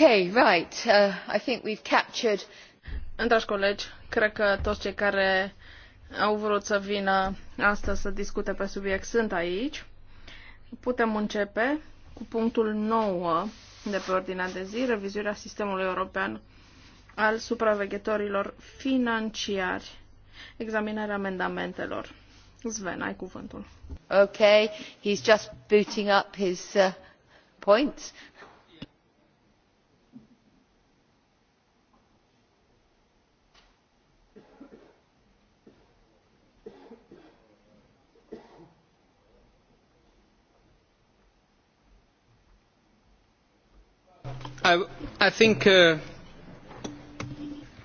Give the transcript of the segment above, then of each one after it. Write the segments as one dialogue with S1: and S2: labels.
S1: Uh, dragi colegi,
S2: cred că toți cei care au vrut să vină astăzi să discute pe subiect sunt aici. Putem începe cu punctul 9 de pe ordinea de zi, revizuirea sistemului european al supraveghetorilor financiari, examinarea amendamentelor. Sven, ai cuvântul.
S1: Okay, he's just booting up his uh, points.
S3: I, think uh,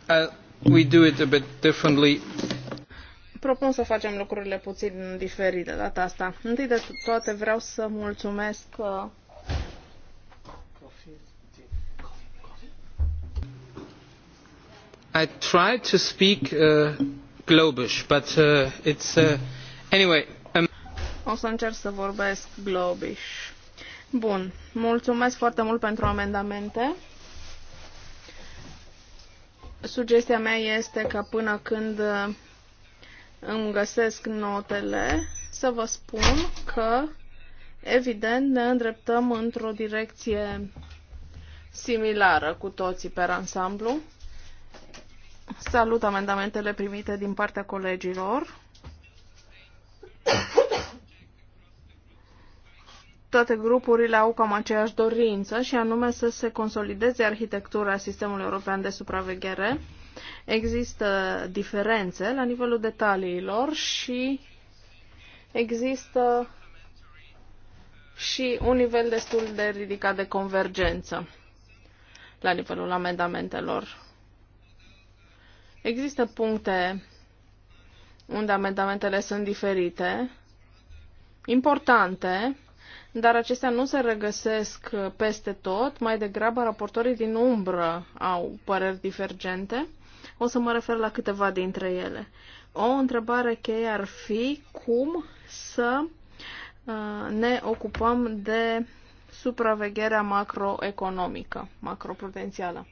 S3: uh, we do it a bit differently.
S2: Propun să facem lucrurile puțin diferite data asta. Întâi de toate vreau să mulțumesc uh,
S3: I tried to speak uh, globish, but uh, it's uh, anyway. Um...
S2: O să încerc să vorbesc globish. Bun. Mulțumesc foarte mult pentru amendamente. Sugestia mea este că până când uh, îmi găsesc notele, să vă spun că, evident, ne îndreptăm într-o direcție similară cu toții pe ansamblu. Salut amendamentele primite din partea colegilor toate grupurile au cam aceeași dorință și anume să se consolideze arhitectura sistemului european de supraveghere. Există diferențe la nivelul detaliilor și există și un nivel destul de ridicat de convergență la nivelul amendamentelor. Există puncte unde amendamentele sunt diferite, importante, dar acestea nu se regăsesc peste tot, mai degrabă raportorii din umbră au păreri divergente. O să mă refer la câteva dintre ele. O întrebare cheie ar fi cum să uh, ne ocupăm de supravegherea macroeconomică, macroprudențială.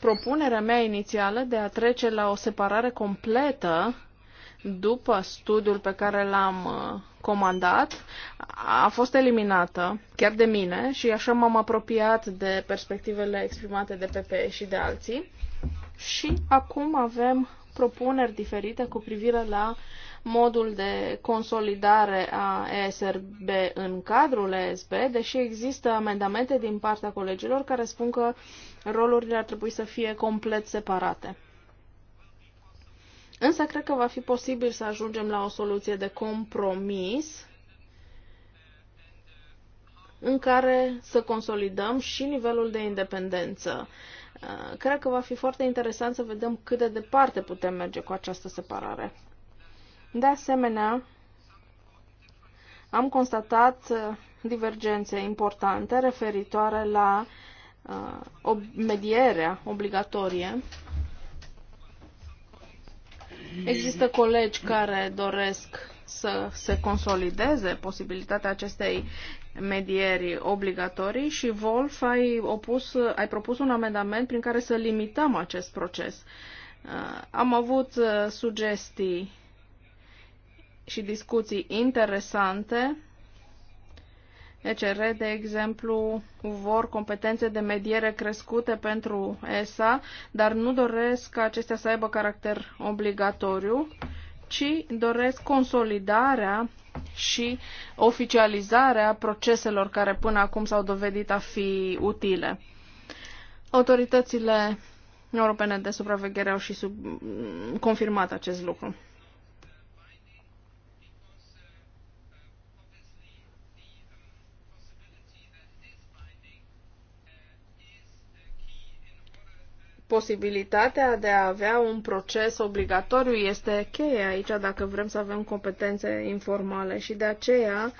S2: Propunerea mea inițială de a trece la o separare completă după studiul pe care l-am uh, comandat a fost eliminată, chiar de mine, și așa m-am apropiat de perspectivele exprimate de PPE și de alții. Și acum avem propuneri diferite cu privire la modul de consolidare a ESRB în cadrul ESB, deși există amendamente din partea colegilor care spun că rolurile ar trebui să fie complet separate. Însă cred că va fi posibil să ajungem la o soluție de compromis în care să consolidăm și nivelul de independență. Uh, cred că va fi foarte interesant să vedem cât de departe putem merge cu această separare. De asemenea, am constatat uh, divergențe importante referitoare la uh, medierea obligatorie Există colegi care doresc să se consolideze posibilitatea acestei medieri obligatorii și Wolf ai, opus, ai propus un amendament prin care să limităm acest proces. Uh, am avut uh, sugestii și discuții interesante ECR, de exemplu, vor competențe de mediere crescute pentru ESA, dar nu doresc ca acestea să aibă caracter obligatoriu, ci doresc consolidarea și oficializarea proceselor care până acum s-au dovedit a fi utile. Autoritățile europene de supraveghere au și sub... confirmat acest lucru. posibilitatea de a avea un proces obligatoriu este cheia aici dacă vrem să avem competențe informale și de aceea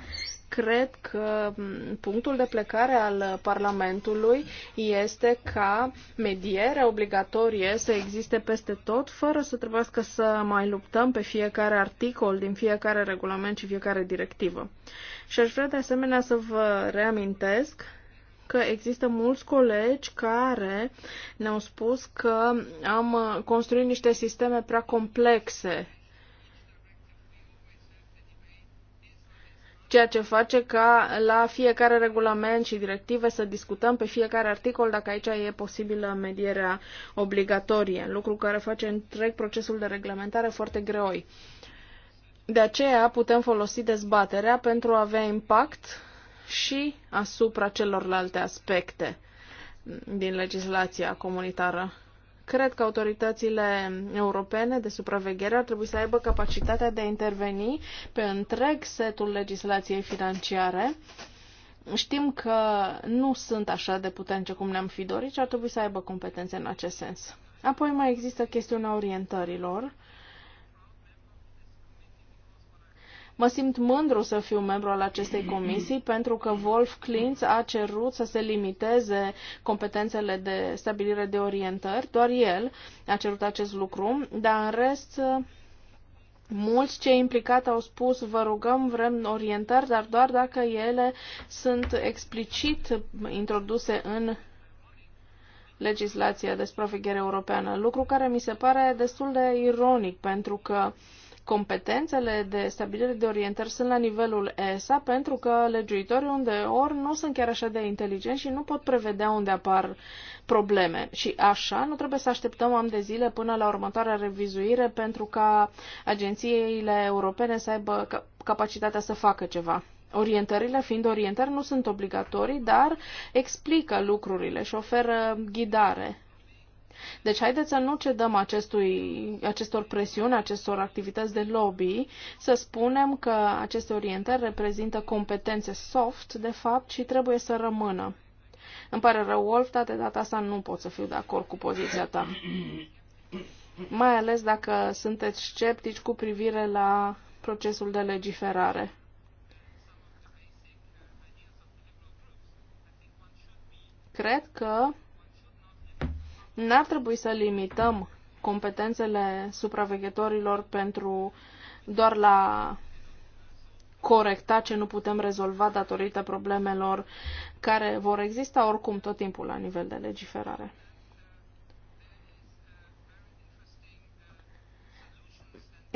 S2: cred că punctul de plecare al Parlamentului este ca mediere obligatorie să existe peste tot, fără să trebuiască să mai luptăm pe fiecare articol din fiecare regulament și fiecare directivă. Și aș vrea de asemenea să vă reamintesc că există mulți colegi care ne-au spus că am construit niște sisteme prea complexe ceea ce face ca la fiecare regulament și directive să discutăm pe fiecare articol dacă aici e posibilă medierea obligatorie, lucru care face întreg procesul de reglementare foarte greoi. De aceea putem folosi dezbaterea pentru a avea impact și asupra celorlalte aspecte din legislația comunitară. Cred că autoritățile europene de supraveghere ar trebui să aibă capacitatea de a interveni pe întreg setul legislației financiare. Știm că nu sunt așa de puternice cum ne-am fi dorit și ar trebui să aibă competențe în acest sens. Apoi mai există chestiunea orientărilor Mă simt mândru să fiu membru al acestei comisii pentru că Wolf Klintz a cerut să se limiteze competențele de stabilire de orientări. Doar el a cerut acest lucru, dar în rest Mulți cei implicați au spus, vă rugăm, vrem orientări, dar doar dacă ele sunt explicit introduse în legislația de supraveghere europeană, lucru care mi se pare destul de ironic, pentru că uh, competențele de stabilire de orientări sunt la nivelul ESA pentru că legiuitorii unde ori nu sunt chiar așa de inteligenți și nu pot prevedea unde apar probleme. Și așa nu trebuie să așteptăm am de zile până la următoarea revizuire pentru ca agențiile europene să aibă capacitatea să facă ceva. Orientările, fiind orientări, nu sunt obligatorii, dar explică lucrurile și oferă ghidare deci haideți să nu cedăm acestui, acestor presiuni, acestor activități de lobby, să spunem că aceste orientări reprezintă competențe soft, de fapt, și trebuie să rămână. Îmi pare rău, Wolf, dar de data asta nu pot să fiu de acord cu poziția ta. Mai ales dacă sunteți sceptici cu privire la procesul de legiferare. Cred că N-ar trebui să limităm competențele supraveghetorilor pentru doar la corecta ce nu putem rezolva datorită problemelor care vor exista oricum tot timpul la nivel de legiferare.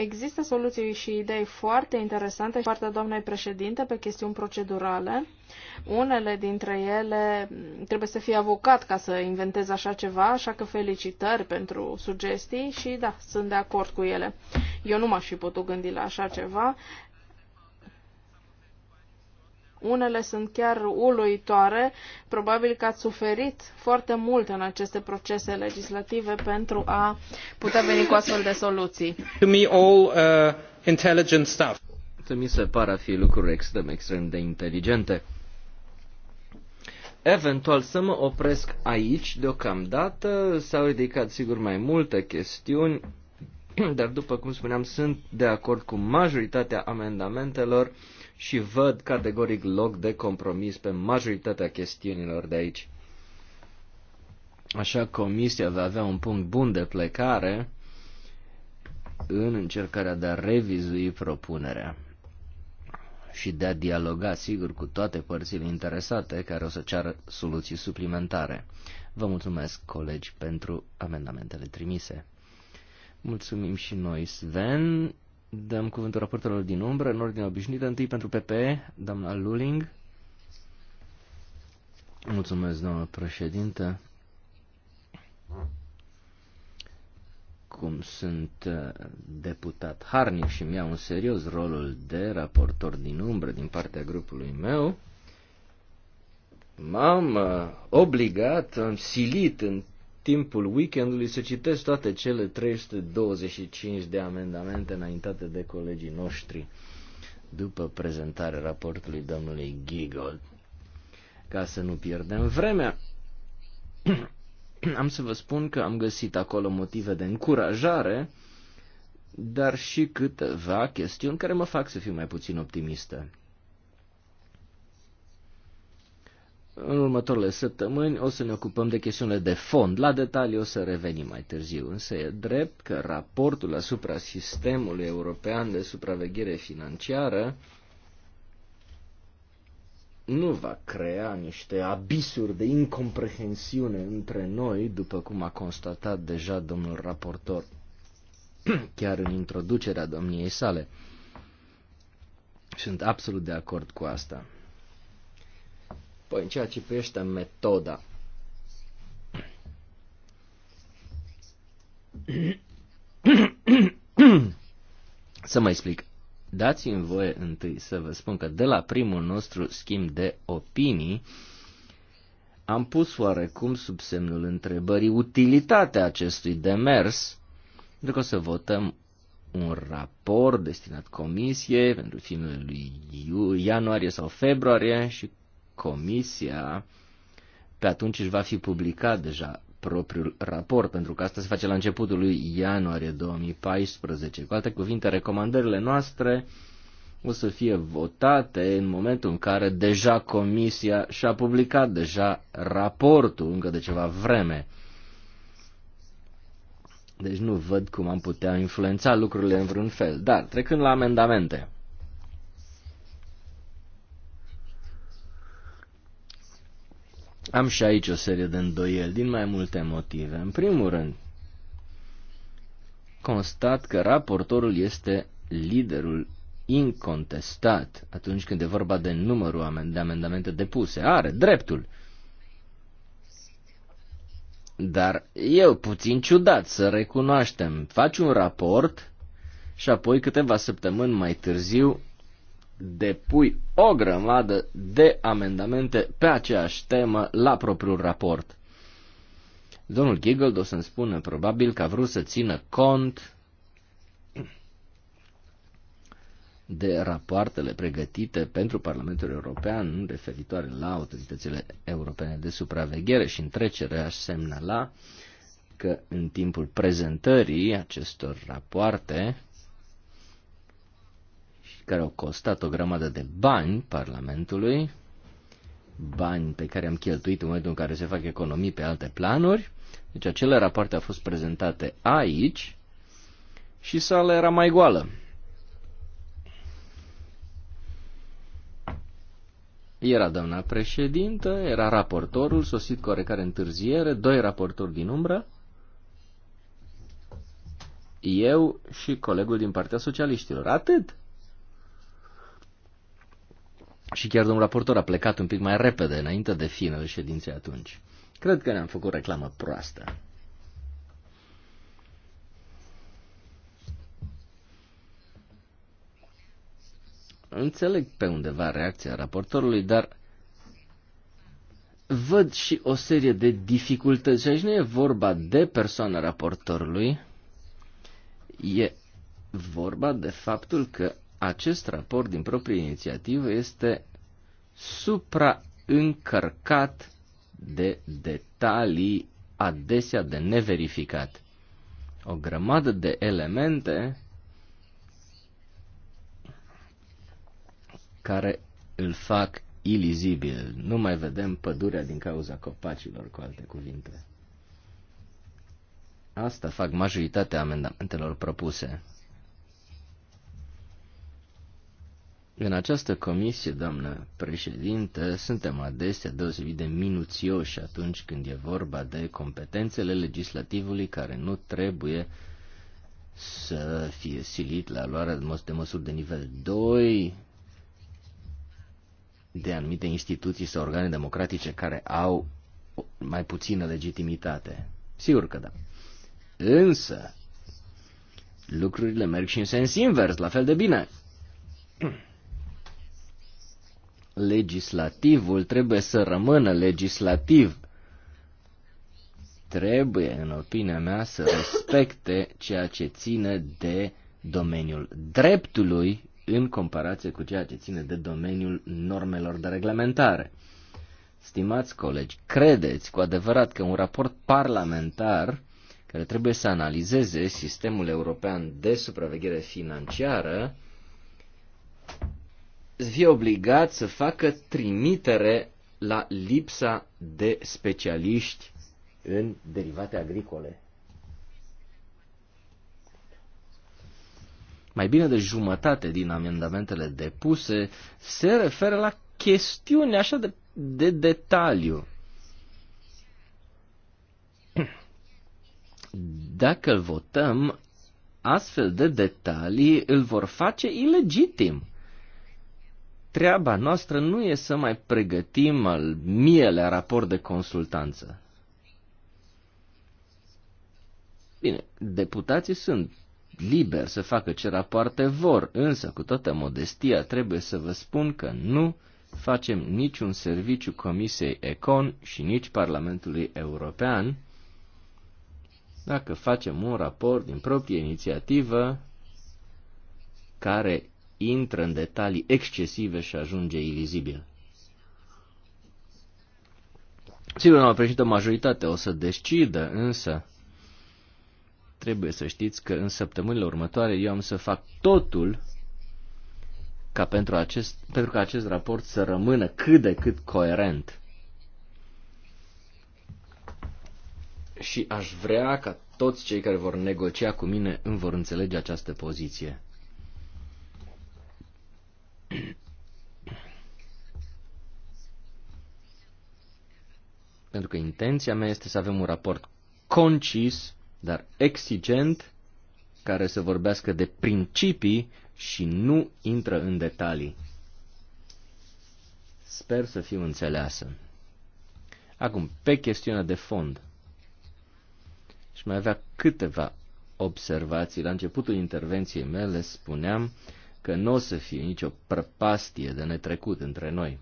S2: Există soluții și idei foarte interesante și partea doamnei președinte pe chestiuni procedurale. Unele dintre ele trebuie să fie avocat ca să inventez așa ceva, așa că felicitări pentru sugestii și da, sunt de acord cu ele. Eu nu m-aș fi putut gândi la așa ceva. Unele sunt chiar uluitoare. Probabil că ați suferit foarte mult în aceste procese legislative pentru a putea veni cu astfel de soluții.
S4: To me all uh, intelligent stuff. Mi se pare a fi lucruri extrem, extrem de inteligente. Eventual să mă opresc aici deocamdată. S-au ridicat sigur mai multe chestiuni, dar după cum spuneam sunt de acord cu majoritatea amendamentelor și văd categoric loc de compromis pe majoritatea chestiunilor de aici. Așa comisia va avea un punct bun de plecare în încercarea de a revizui propunerea și de a dialoga, sigur, cu toate părțile interesate care o să ceară soluții suplimentare. Vă mulțumesc, colegi, pentru amendamentele trimise. Mulțumim și noi, Sven. Dăm cuvântul raportelor din umbră, în ordine obișnuită, întâi pentru PPE, doamna Luling. Mulțumesc, doamna președinte. Cum sunt uh, deputat harnic și mi-au în serios rolul de raportor din umbră din partea grupului meu, m-am uh, obligat, am silit în timpul weekendului să citesc toate cele 325 de amendamente înaintate de colegii noștri după prezentarea raportului domnului Giggle. Ca să nu pierdem vremea, am să vă spun că am găsit acolo motive de încurajare, dar și câteva chestiuni care mă fac să fiu mai puțin optimistă. În următoarele săptămâni o să ne ocupăm de chestiunile de fond. La detalii o să revenim mai târziu, însă e drept că raportul asupra sistemului european de supraveghere financiară nu va crea niște abisuri de incomprehensiune între noi, după cum a constatat deja domnul raportor chiar în introducerea domniei sale. Sunt absolut de acord cu asta. Păi, în ceea ce privește metoda. să mă explic. Dați-mi voie întâi să vă spun că de la primul nostru schimb de opinii am pus oarecum sub semnul întrebării utilitatea acestui demers, pentru că o să votăm un raport destinat Comisiei, pentru finele lui ianuarie sau februarie și Comisia pe atunci își va fi publicat deja propriul raport, pentru că asta se face la începutul lui ianuarie 2014. Cu alte cuvinte, recomandările noastre o să fie votate în momentul în care deja Comisia și-a publicat deja raportul încă de ceva vreme. Deci nu văd cum am putea influența lucrurile în vreun fel. Dar, trecând la amendamente. Am și aici o serie de îndoieli din mai multe motive. În primul rând, constat că raportorul este liderul incontestat atunci când e vorba de numărul de amendamente depuse. Are dreptul. Dar eu puțin ciudat să recunoaștem. Faci un raport și apoi câteva săptămâni mai târziu depui o grămadă de amendamente pe aceeași temă la propriul raport. Domnul Giggle o să-mi spună probabil că a vrut să țină cont de rapoartele pregătite pentru Parlamentul European referitoare la autoritățile europene de supraveghere și întrecere aș semnala că în timpul prezentării acestor rapoarte care au costat o grămadă de bani Parlamentului, bani pe care am cheltuit în momentul în care se fac economii pe alte planuri. Deci acele rapoarte au fost prezentate aici și sala era mai goală. Era doamna președintă, era raportorul, sosit cu oarecare întârziere, doi raportori din umbră, eu și colegul din partea socialiștilor. Atât. Și chiar domnul raportor a plecat un pic mai repede înainte de finele ședinței atunci. Cred că ne-am făcut reclamă proastă. Înțeleg pe undeva reacția raportorului, dar văd și o serie de dificultăți. Și aici nu e vorba de persoana raportorului, e vorba de faptul că acest raport din proprie inițiativă este supraîncărcat de detalii adesea de neverificat. O grămadă de elemente care îl fac ilizibil. Nu mai vedem pădurea din cauza copacilor, cu alte cuvinte. Asta fac majoritatea amendamentelor propuse. În această comisie, doamnă președinte, suntem adesea deosebit de minuțioși atunci când e vorba de competențele legislativului care nu trebuie să fie silit la luarea de măsuri de nivel 2 de anumite instituții sau organe democratice care au mai puțină legitimitate. Sigur că da. Însă, lucrurile merg și în sens invers, la fel de bine legislativul trebuie să rămână legislativ. Trebuie, în opinia mea, să respecte ceea ce ține de domeniul dreptului în comparație cu ceea ce ține de domeniul normelor de reglementare. Stimați colegi, credeți cu adevărat că un raport parlamentar care trebuie să analizeze sistemul european de supraveghere financiară fie obligat să facă trimitere la lipsa de specialiști în derivate agricole. Mai bine de jumătate din amendamentele depuse se referă la chestiuni așa de, de detaliu. Dacă îl votăm, astfel de detalii îl vor face ilegitim treaba noastră nu e să mai pregătim al mielea raport de consultanță. Bine, deputații sunt liberi să facă ce rapoarte vor, însă cu toată modestia trebuie să vă spun că nu facem niciun serviciu Comisiei Econ și nici Parlamentului European dacă facem un raport din proprie inițiativă care intră în detalii excesive și ajunge ilizibil. Sigur, nu președinte, majoritate o să decidă, însă trebuie să știți că în săptămânile următoare eu am să fac totul ca pentru, acest, pentru ca acest raport să rămână cât de cât coerent. Și aș vrea ca toți cei care vor negocia cu mine îmi vor înțelege această poziție. Pentru că intenția mea este să avem un raport concis, dar exigent, care să vorbească de principii și nu intră în detalii. Sper să fiu înțeleasă. Acum, pe chestiunea de fond. Și mai avea câteva observații. La începutul intervenției mele spuneam că nu o să fie nicio prăpastie de netrecut între noi.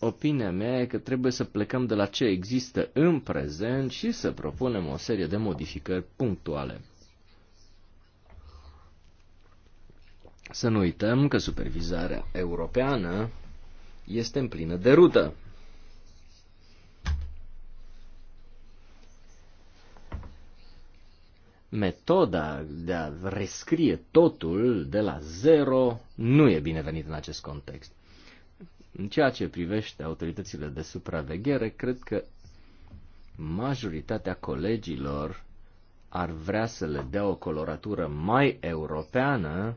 S4: Opinia mea e că trebuie să plecăm de la ce există în prezent și să propunem o serie de modificări punctuale. Să nu uităm că supervizarea europeană este în plină derută. metoda de a rescrie totul de la zero nu e binevenit în acest context. În ceea ce privește autoritățile de supraveghere, cred că majoritatea colegilor ar vrea să le dea o coloratură mai europeană,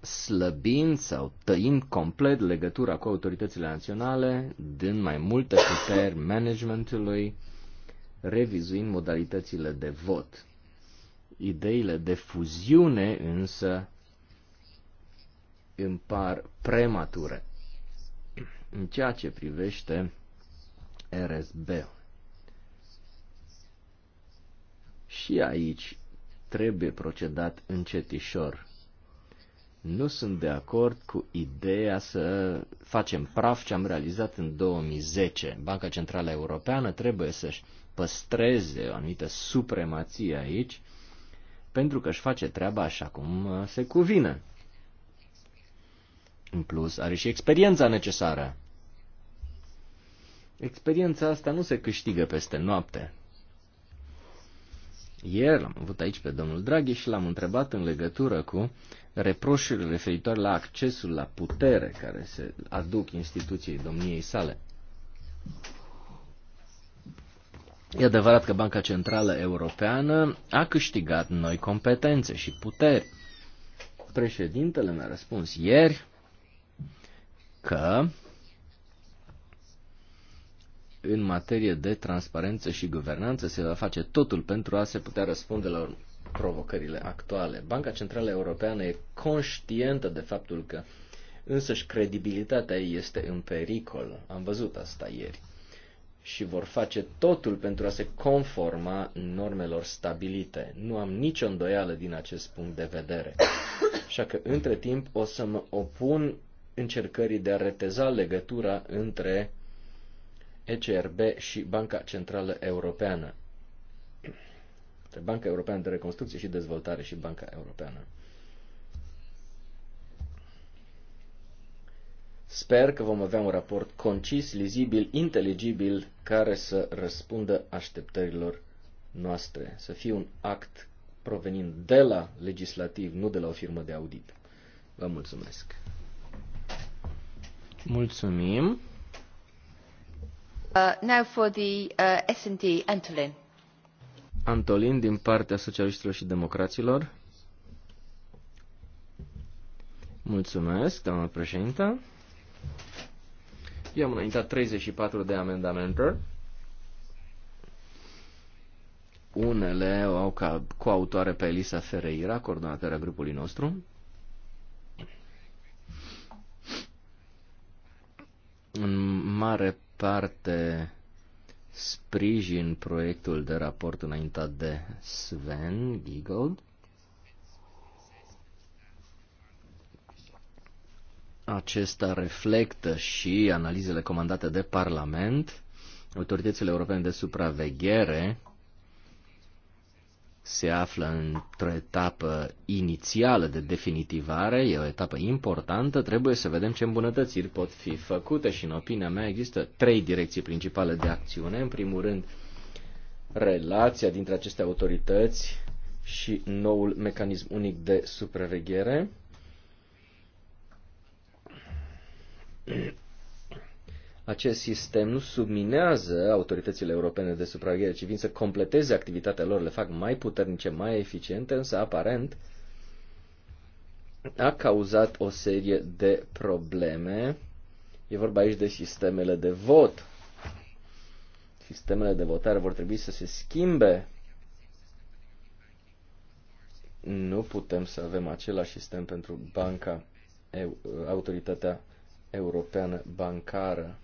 S4: slăbind sau tăind complet legătura cu autoritățile naționale, din mai multe puteri managementului, revizuind modalitățile de vot. Ideile de fuziune însă îmi par premature în ceea ce privește RSB. Și aici trebuie procedat încetișor nu sunt de acord cu ideea să facem praf ce am realizat în 2010. Banca Centrală Europeană trebuie să-și păstreze o anumită supremație aici, pentru că își face treaba așa cum uh, se cuvine. În plus, are și experiența necesară. Experiența asta nu se câștigă peste noapte. Ieri l-am avut aici pe domnul Draghi și l-am întrebat în legătură cu reproșurile referitoare la accesul la putere care se aduc instituției domniei sale. E adevărat că Banca Centrală Europeană a câștigat noi competențe și puteri. Președintele mi-a răspuns ieri că în materie de transparență și guvernanță se va face totul pentru a se putea răspunde la provocările actuale. Banca Centrală Europeană e conștientă de faptul că însăși credibilitatea ei este în pericol. Am văzut asta ieri. Și vor face totul pentru a se conforma normelor stabilite. Nu am nicio îndoială din acest punct de vedere. Așa că, între timp, o să mă opun încercării de a reteza legătura între ECRB și Banca Centrală Europeană. Banca Europeană de Reconstrucție și Dezvoltare și Banca Europeană. Sper că vom avea un raport concis, lizibil, inteligibil, care să răspundă așteptărilor noastre, să fie un act provenind de la legislativ, nu de la o firmă de audit. Vă mulțumesc! Mulțumim!
S1: Uh, now for the uh, S&D, Antolin.
S4: Antolin din partea socialiștilor și democraților. Mulțumesc, doamnă președintă. Eu am înaintat 34 de amendamente. Unele o au ca coautoare pe Elisa Ferreira, coordonatoarea grupului nostru. În mare parte sprijin proiectul de raport înaintat de Sven Giegold. Acesta reflectă și analizele comandate de Parlament, autoritățile europene de supraveghere se află într-o etapă inițială de definitivare, e o etapă importantă, trebuie să vedem ce îmbunătățiri pot fi făcute și în opinia mea există trei direcții principale de acțiune. În primul rând, relația dintre aceste autorități și noul mecanism unic de supraveghere acest sistem nu subminează autoritățile europene de supraveghere, ci vin să completeze activitatea lor, le fac mai puternice, mai eficiente, însă aparent a cauzat o serie de probleme. E vorba aici de sistemele de vot. Sistemele de votare vor trebui să se schimbe. Nu putem să avem același sistem pentru banca, autoritatea europeană bancară.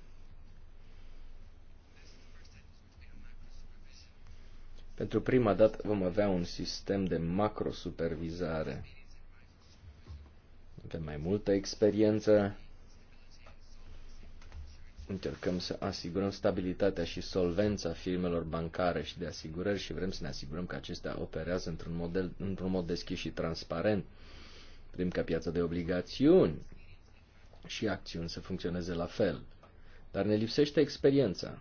S4: Pentru prima dată vom avea un sistem de macrosupervizare. Avem mai multă experiență. Încercăm să asigurăm stabilitatea și solvența firmelor bancare și de asigurări și vrem să ne asigurăm că acestea operează într-un, model, într-un mod deschis și transparent. Vrem ca piața de obligațiuni și acțiuni să funcționeze la fel. Dar ne lipsește experiența.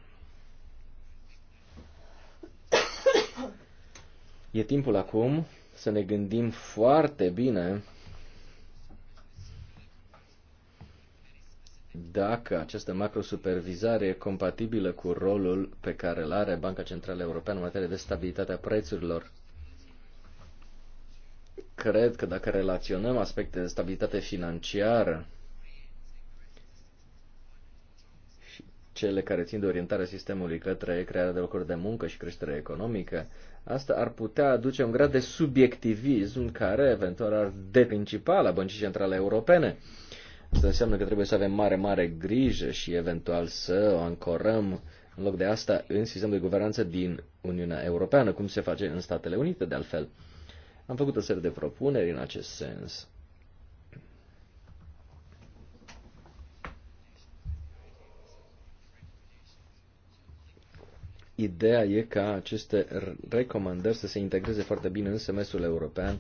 S4: E timpul acum să ne gândim foarte bine dacă această macrosupervizare e compatibilă cu rolul pe care îl are Banca Centrală Europeană în materie de stabilitate a prețurilor. Cred că dacă relaționăm aspecte de stabilitate financiară cele care țin de orientarea sistemului către crearea de locuri de muncă și creștere economică, asta ar putea aduce un grad de subiectivism care eventual ar de principal a Băncii Centrale Europene. Asta înseamnă că trebuie să avem mare, mare grijă și eventual să o ancorăm în loc de asta în sistemul de guvernanță din Uniunea Europeană, cum se face în Statele Unite de altfel. Am făcut o serie de propuneri în acest sens. Ideea e ca aceste recomandări să se integreze foarte bine în semestrul european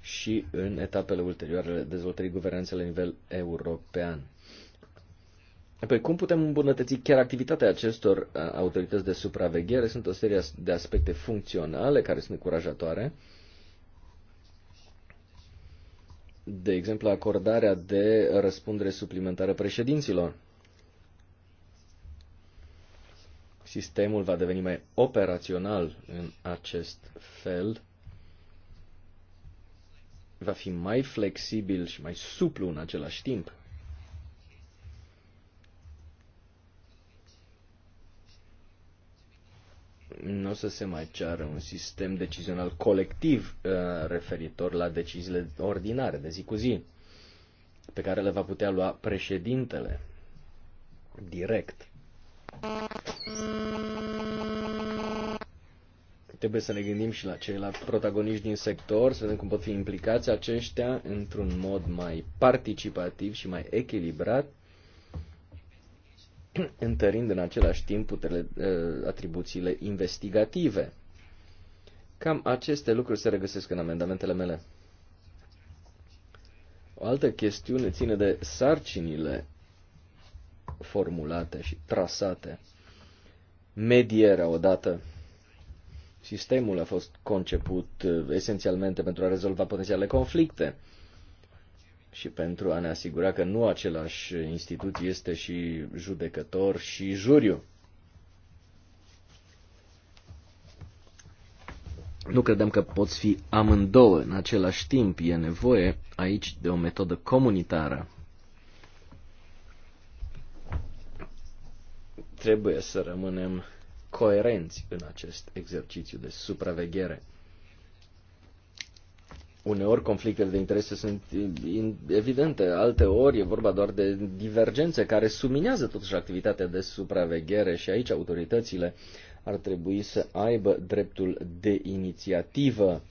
S4: și în etapele ulterioare ale dezvoltării guvernanței la nivel european. Apoi, cum putem îmbunătăți chiar activitatea acestor uh, autorități de supraveghere? Sunt o serie de aspecte funcționale care sunt încurajatoare. De exemplu, acordarea de răspundere suplimentară președinților. Sistemul va deveni mai operațional în acest fel, va fi mai flexibil și mai suplu în același timp. nu o să se mai ceară un sistem decizional colectiv uh, referitor la deciziile ordinare de zi cu zi, pe care le va putea lua președintele direct. Trebuie să ne gândim și la ceilalți protagoniști din sector, să vedem cum pot fi implicați aceștia într-un mod mai participativ și mai echilibrat, întărind în același timp puterile, ă, atribuțiile investigative. Cam aceste lucruri se regăsesc în amendamentele mele. O altă chestiune ține de sarcinile formulate și trasate. Medierea odată. Sistemul a fost conceput uh, esențialmente pentru a rezolva potențiale conflicte și pentru a ne asigura că nu același institut este și judecător și juriu. Nu credem că poți fi amândouă în același timp. E nevoie aici de o metodă comunitară Trebuie să rămânem coerenți în acest exercițiu de supraveghere. Uneori conflictele de interese sunt evidente, alte ori e vorba doar de divergențe care suminează totuși activitatea de supraveghere și aici autoritățile ar trebui să aibă dreptul de inițiativă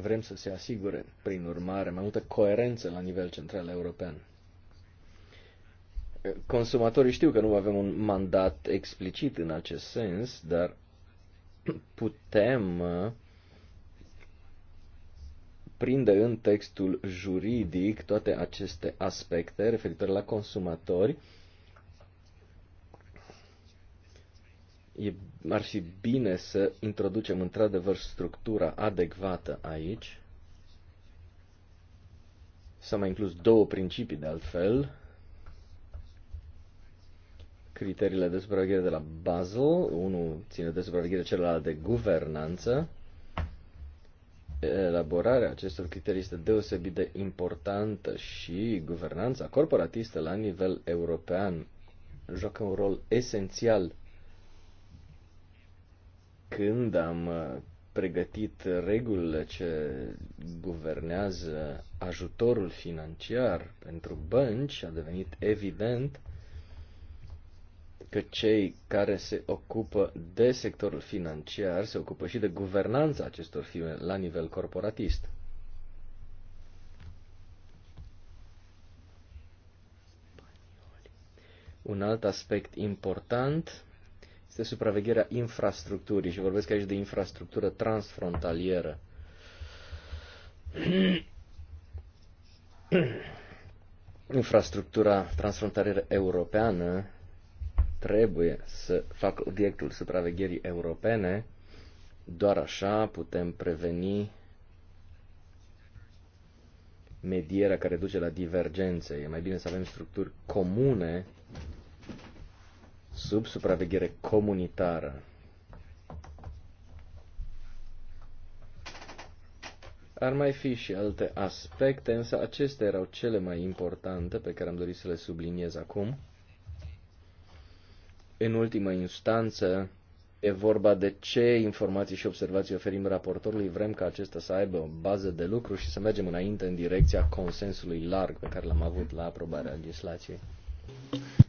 S4: Vrem să se asigure, prin urmare, mai multă coerență la nivel central european. Consumatorii știu că nu avem un mandat explicit în acest sens, dar putem uh, prinde în textul juridic toate aceste aspecte referitoare la consumatori. E ar fi bine să introducem într-adevăr structura adecvată aici. s a mai inclus două principii de altfel. Criteriile de supraveghere de la Basel, unul ține de supraveghere, celălalt de guvernanță. Elaborarea acestor criterii este deosebit de importantă și guvernanța corporatistă la nivel european joacă un rol esențial când am uh, pregătit regulile ce guvernează ajutorul financiar pentru bănci, a devenit evident că cei care se ocupă de sectorul financiar se ocupă și de guvernanța acestor firme la nivel corporatist. Un alt aspect important este supravegherea infrastructurii și vorbesc aici de infrastructură transfrontalieră. Infrastructura transfrontalieră europeană trebuie să facă obiectul supravegherii europene, doar așa putem preveni medierea care duce la divergențe. E mai bine să avem structuri comune sub supraveghere comunitară. Ar mai fi și alte aspecte, însă acestea erau cele mai importante pe care am dorit să le subliniez acum. În ultimă instanță, e vorba de ce informații și observații oferim raportorului. Vrem ca acesta să aibă o bază de lucru și să mergem înainte în direcția consensului larg pe care l-am avut la aprobarea legislației.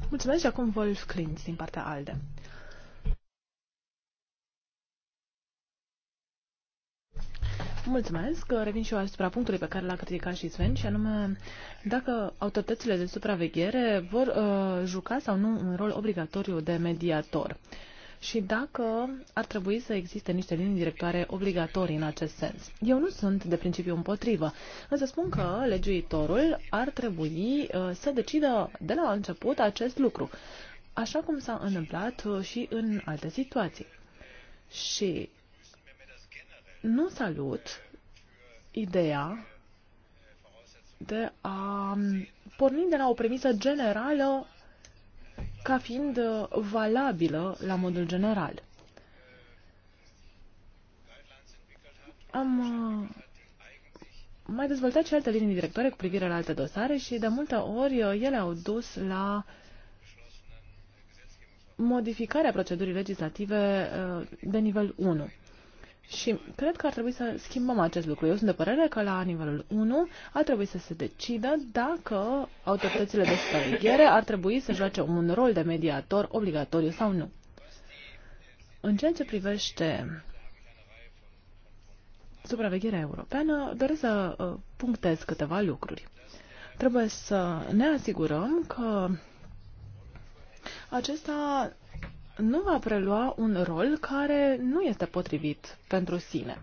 S5: Mulțumesc și acum Wolf Klintz din partea ALDE. Mulțumesc. Revin și eu asupra punctului pe care l-a criticat și Sven, și anume dacă autoritățile de supraveghere vor uh, juca sau nu un rol obligatoriu de mediator. Uh, și dacă ar trebui să existe niște linii directoare obligatorii în acest sens. Eu nu sunt de principiu împotrivă, însă spun că legiuitorul ar trebui uh, să decidă de la început acest lucru, așa cum s-a întâmplat uh, și în alte situații. Și nu salut ideea de a porni de la o premisă generală ca fiind uh, valabilă la modul general. Am uh, mai dezvoltat și alte linii directoare cu privire la alte dosare și de multe ori uh, ele au dus la modificarea procedurii legislative de nivel 1. Și cred că ar trebui să schimbăm acest lucru. Eu sunt de părere că la nivelul 1 ar trebui să se decidă dacă autoritățile de supraveghere ar trebui să joace un rol de mediator obligatoriu sau nu. În ceea ce privește supravegherea europeană, doresc să uh, punctez câteva lucruri. Trebuie să ne asigurăm că acesta nu va prelua un rol care nu este potrivit pentru sine.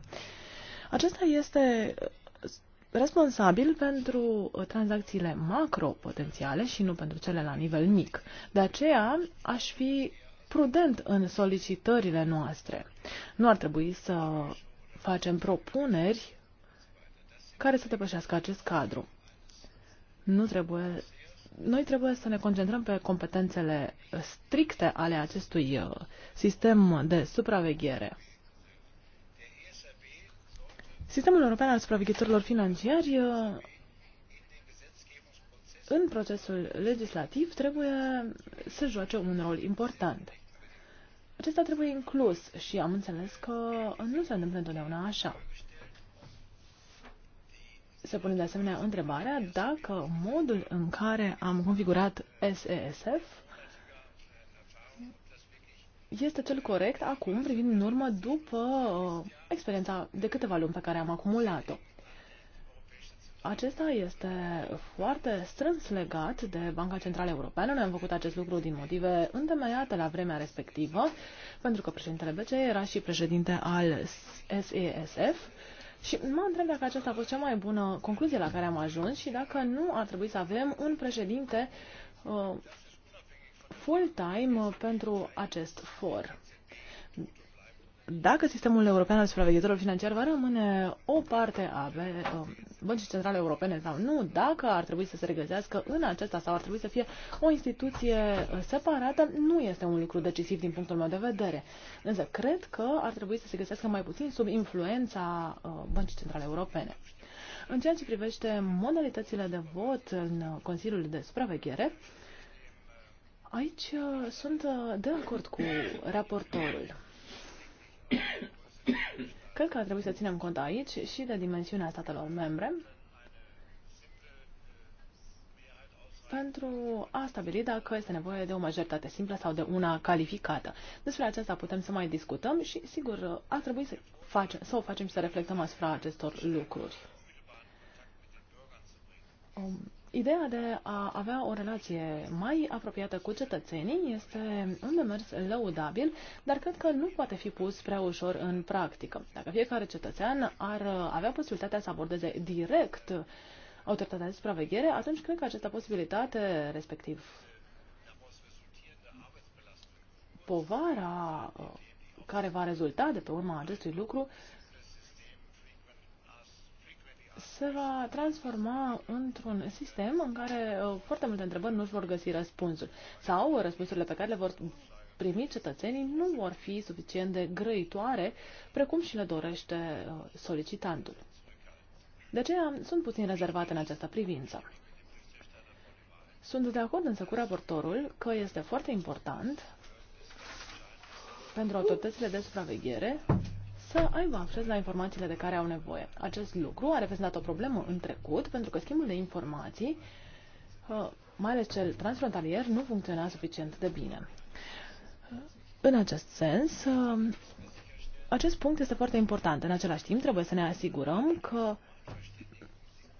S5: Acesta este uh, responsabil pentru uh, tranzacțiile macro-potențiale și nu pentru cele la nivel mic. De aceea aș fi prudent în solicitările noastre. Nu ar trebui să facem propuneri care să depășească acest cadru. Nu trebuie noi trebuie să ne concentrăm pe competențele stricte ale acestui uh, sistem de supraveghere. Sistemul european al supraveghetorilor financiari uh, în procesul legislativ trebuie să joace un rol important. Acesta trebuie inclus și am înțeles că nu se întâmplă întotdeauna așa se pune de asemenea întrebarea dacă modul în care am configurat SESF este cel corect acum, privind în urmă, după uh, experiența de câteva luni pe care am acumulat-o. Acesta este foarte strâns legat de Banca Centrală Europeană. Noi am făcut acest lucru din motive întemeiate la vremea respectivă, pentru că președintele BCE era și președinte al SESF și mă întreb dacă aceasta a fost cea mai bună concluzie la care am ajuns și dacă nu ar trebui să avem un președinte uh, full-time uh, pentru acest for dacă sistemul european al supraveghetorilor financiar va rămâne o parte a Băncii Centrale Europene sau nu, dacă ar trebui să se regăsească în acesta sau ar trebui să fie o instituție uh, separată, nu este un lucru decisiv din punctul meu de vedere. Însă cred că ar trebui să se găsească mai puțin sub influența uh, Băncii Centrale Europene. În ceea ce privește modalitățile de vot în Consiliul de Supraveghere, aici uh, sunt de acord cu raportorul Cred că ar trebui să ținem cont aici și de dimensiunea statelor membre pentru a stabili dacă este nevoie de o majoritate simplă sau de una calificată. Despre aceasta putem să mai discutăm și, sigur, ar trebui să, face, să o facem și să reflectăm asupra acestor lucruri. Um, Ideea de a avea o relație mai apropiată cu cetățenii este un demers lăudabil, dar cred că nu poate fi pus prea ușor în practică. Dacă fiecare cetățean ar avea posibilitatea să abordeze direct autoritatea de supraveghere, atunci cred că această posibilitate, respectiv povara uh, care va rezulta de pe urma acestui lucru, se va transforma într-un sistem în care uh, foarte multe întrebări nu își vor găsi răspunsul sau răspunsurile pe care le vor primi cetățenii nu vor fi suficient de grăitoare precum și le dorește uh, solicitantul. De aceea sunt puțin rezervat în această privință. Sunt de acord însă cu raportorul că este foarte important pentru autoritățile de supraveghere să aibă acces la informațiile de care au nevoie. Acest lucru a reprezentat o problemă în trecut, pentru că schimbul de informații, uh, mai ales cel transfrontalier, nu funcționa suficient de bine. În acest sens, uh, acest punct este foarte important. În același timp, trebuie să ne asigurăm că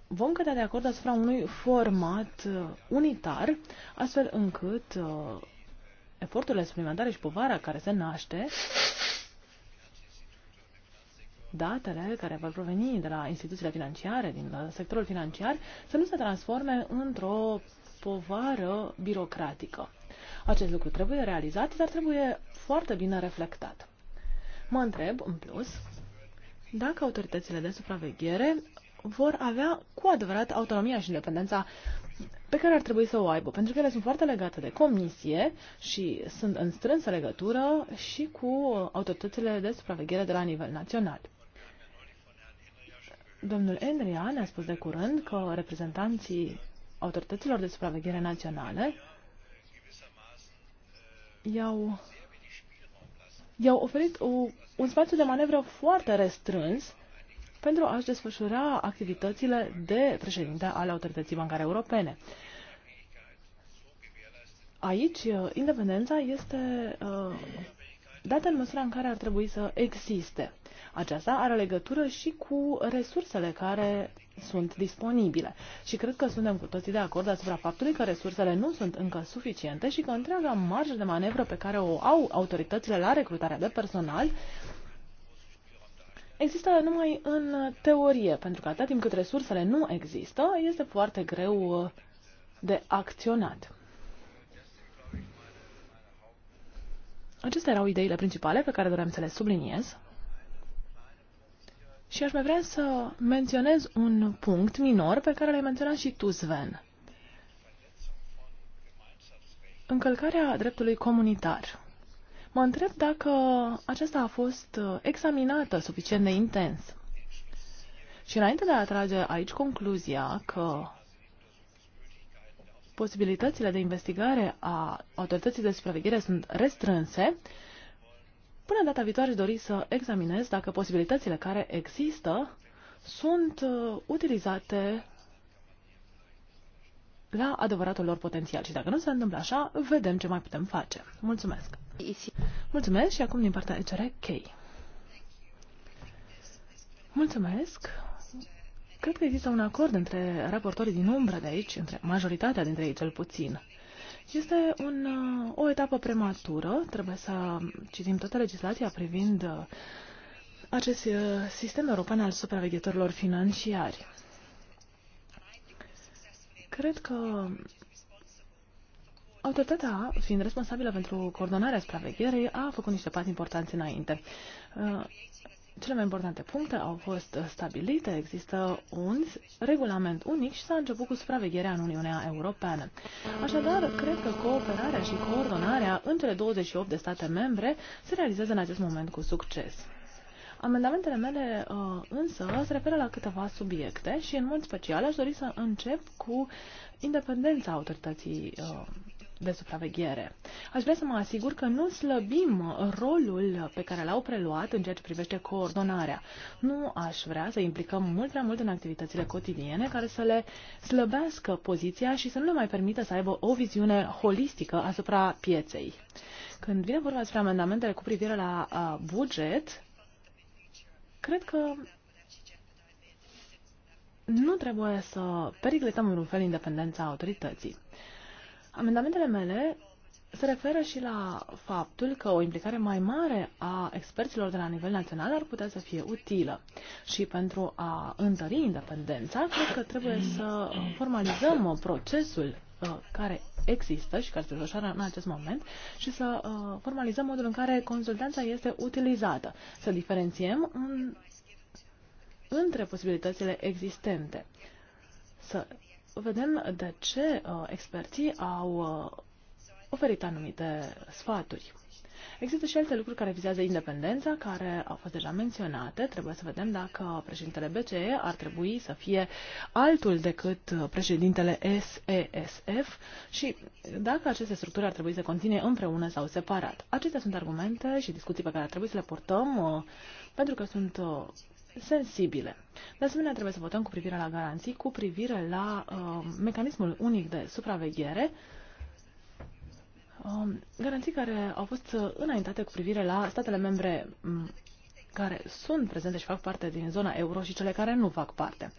S5: vom cădea de acord asupra unui format uh, unitar, astfel încât eforturile suplimentare și povara care se naște datele care vor proveni de la instituțiile financiare, din sectorul financiar, să nu se transforme într-o povară birocratică. Acest lucru trebuie realizat, dar trebuie foarte bine reflectat. Mă întreb, în plus, dacă autoritățile de supraveghere vor avea cu adevărat autonomia și independența pe care ar trebui să o aibă, pentru că ele sunt foarte legate de comisie și sunt în strânsă legătură și cu autoritățile de supraveghere de la nivel național. Domnul Enria ne-a spus de curând că reprezentanții autorităților de supraveghere naționale i-au, i-au oferit o, un spațiu de manevră foarte restrâns pentru a-și desfășura activitățile de președinte ale Autorității Bancare Europene. Aici, uh, independența este uh, dată în măsura în care ar trebui să existe. Aceasta are legătură și cu resursele care sunt disponibile. Și cred că suntem cu toții de acord asupra faptului că resursele nu sunt încă suficiente și că întreaga marjă de manevră pe care o au autoritățile la recrutarea de personal există numai în teorie, pentru că atât timp cât resursele nu există, este foarte greu de acționat. Acestea erau ideile principale pe care doream să le subliniez. Și aș mai vrea să menționez un punct minor pe care l-ai menționat și tu, Sven. Încălcarea dreptului comunitar. Mă întreb dacă aceasta a fost examinată suficient de intens. Și înainte de a trage aici concluzia că posibilitățile de investigare a autorității de supraveghere sunt restrânse, până data viitoare aș dori să examinez dacă posibilitățile care există sunt uh, utilizate la adevăratul lor potențial și dacă nu se întâmplă așa, vedem ce mai putem face. Mulțumesc! Mulțumesc și acum din partea ECR, Kay. Mulțumesc! Cred că există un acord între raportorii din umbră de aici, între majoritatea dintre ei cel puțin. Este un, uh, o etapă prematură, trebuie să citim toată legislația privind uh, acest uh, sistem european al supraveghetorilor financiari. Cred că Autoritatea, fiind responsabilă pentru coordonarea supravegherii, a făcut niște pași importanți înainte cele mai importante puncte au fost stabilite, există un regulament unic și s-a început cu supravegherea în Uniunea Europeană. Așadar, cred că cooperarea și coordonarea între 28 de state membre se realizează în acest moment cu succes. Amendamentele mele uh, însă se referă la câteva subiecte și în mod special aș dori să încep cu independența autorității uh, de supraveghere. Aș vrea să mă asigur că nu slăbim rolul pe care l-au preluat în ceea ce privește coordonarea. Nu aș vrea să implicăm mult prea mult în activitățile cotidiene care să le slăbească poziția și să nu le mai permită să aibă o viziune holistică asupra pieței. Când vine vorba despre amendamentele cu privire la buget, cred că nu trebuie să pericletăm în un fel independența autorității. Amendamentele mele se referă și la faptul că o implicare mai mare a experților de la nivel național ar putea să fie utilă. Și pentru a întări independența, cred că trebuie să formalizăm procesul uh, care există și care se desfășoară în acest moment și să uh, formalizăm modul în care consultanța este utilizată, să diferențiem în, între posibilitățile existente, să vedem de ce uh, experții au uh, oferit anumite sfaturi. Există și alte lucruri care vizează independența, care au fost deja menționate. Trebuie să vedem dacă președintele BCE ar trebui să fie altul decât președintele SESF și dacă aceste structuri ar trebui să continue împreună sau separat. Acestea sunt argumente și discuții pe care ar trebui să le portăm uh, pentru că sunt sensibile. De asemenea, trebuie să votăm cu privire la garanții, cu privire la uh, mecanismul unic de supraveghere, uh, garanții care au fost uh, înaintate cu privire la statele membre care sunt prezente și fac parte din zona euro și cele care nu fac parte.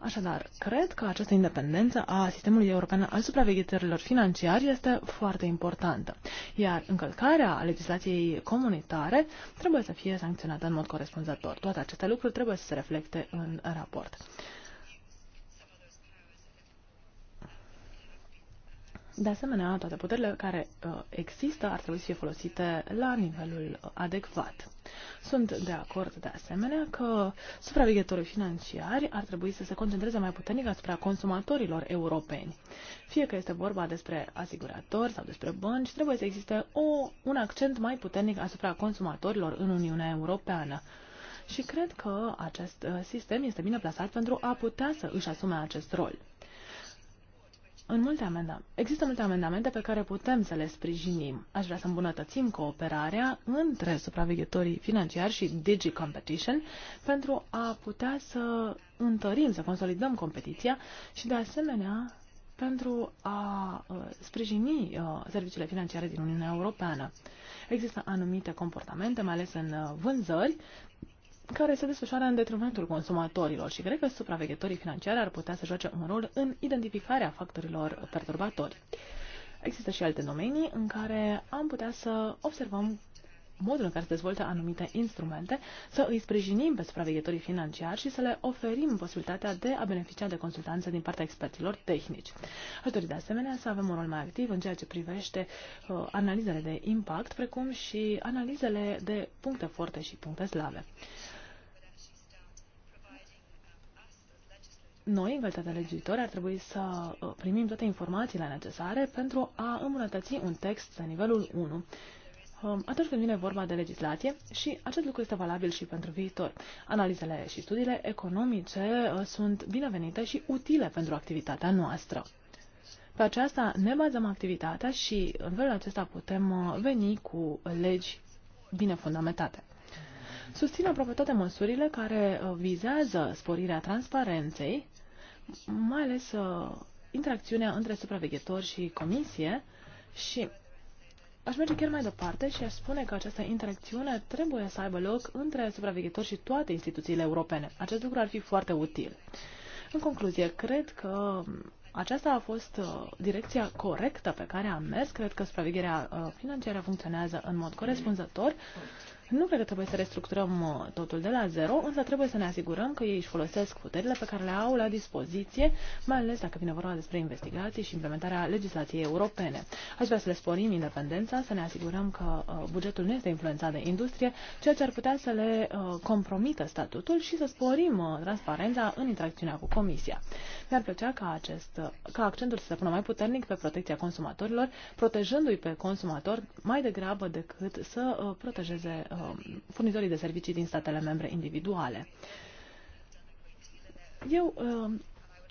S5: Așadar, cred că această independență a sistemului european al supraveghetărilor financiari este foarte importantă, iar încălcarea legislației comunitare trebuie să fie sancționată în mod corespunzător. Toate aceste lucruri trebuie să se reflecte în raport. De asemenea, toate puterile care uh, există ar trebui să fie folosite la nivelul uh, adecvat. Sunt de acord, de asemenea, că supraveghetorii financiari ar trebui să se concentreze mai puternic asupra consumatorilor europeni. Fie că este vorba despre asiguratori sau despre bănci, trebuie să existe o, un accent mai puternic asupra consumatorilor în Uniunea Europeană și cred că acest uh, sistem este bine plasat pentru a putea să își asume acest rol. În multe amendamente. Există multe amendamente pe care putem să le sprijinim. Aș vrea să îmbunătățim cooperarea între supraveghetorii financiari și Digi Competition pentru a putea să întărim, să consolidăm competiția și, de asemenea, pentru a uh, sprijini uh, serviciile financiare din Uniunea Europeană. Există anumite comportamente, mai ales în uh, vânzări, care se desfășoară în detrimentul consumatorilor și cred că supraveghetorii financiari ar putea să joace un rol în identificarea factorilor perturbatori. Există și alte domenii în care am putea să observăm modul în care se dezvoltă anumite instrumente, să îi sprijinim pe supraveghetorii financiari și să le oferim posibilitatea de a beneficia de consultanță din partea experților tehnici. Aș dori de asemenea să avem un rol mai activ în ceea ce privește uh, analizele de impact, precum și analizele de puncte forte și puncte slabe. noi, în calitate de legiuitori, ar trebui să uh, primim toate informațiile necesare pentru a îmbunătăți un text la nivelul 1 um, atunci când vine vorba de legislație și acest lucru este valabil și pentru viitor. Analizele și studiile economice uh, sunt binevenite și utile pentru activitatea noastră. Pe aceasta ne bazăm activitatea și în felul acesta putem uh, veni cu legi bine fundamentate. Susțin aproape toate măsurile care vizează sporirea transparenței mai ales uh, interacțiunea între supraveghetori și comisie și aș merge chiar mai departe și aș spune că această interacțiune trebuie să aibă loc între supraveghetori și toate instituțiile europene. Acest lucru ar fi foarte util. În concluzie, cred că um, aceasta a fost uh, direcția corectă pe care am mers. Cred că supravegherea uh, financiară funcționează în mod corespunzător nu cred că trebuie să restructurăm uh, totul de la zero, însă trebuie să ne asigurăm că ei își folosesc puterile pe care le au la dispoziție, mai ales dacă vine vorba despre investigații și implementarea legislației europene. Aș vrea să le sporim independența, să ne asigurăm că uh, bugetul nu este influențat de industrie, ceea ce ar putea să le uh, compromită statutul și să sporim transparența în interacțiunea cu Comisia. Mi-ar plăcea ca, acest, ca accentul să se pună mai puternic pe protecția consumatorilor, protejându-i pe consumator mai degrabă decât să protejeze furnizorii de servicii din statele membre individuale. Eu uh,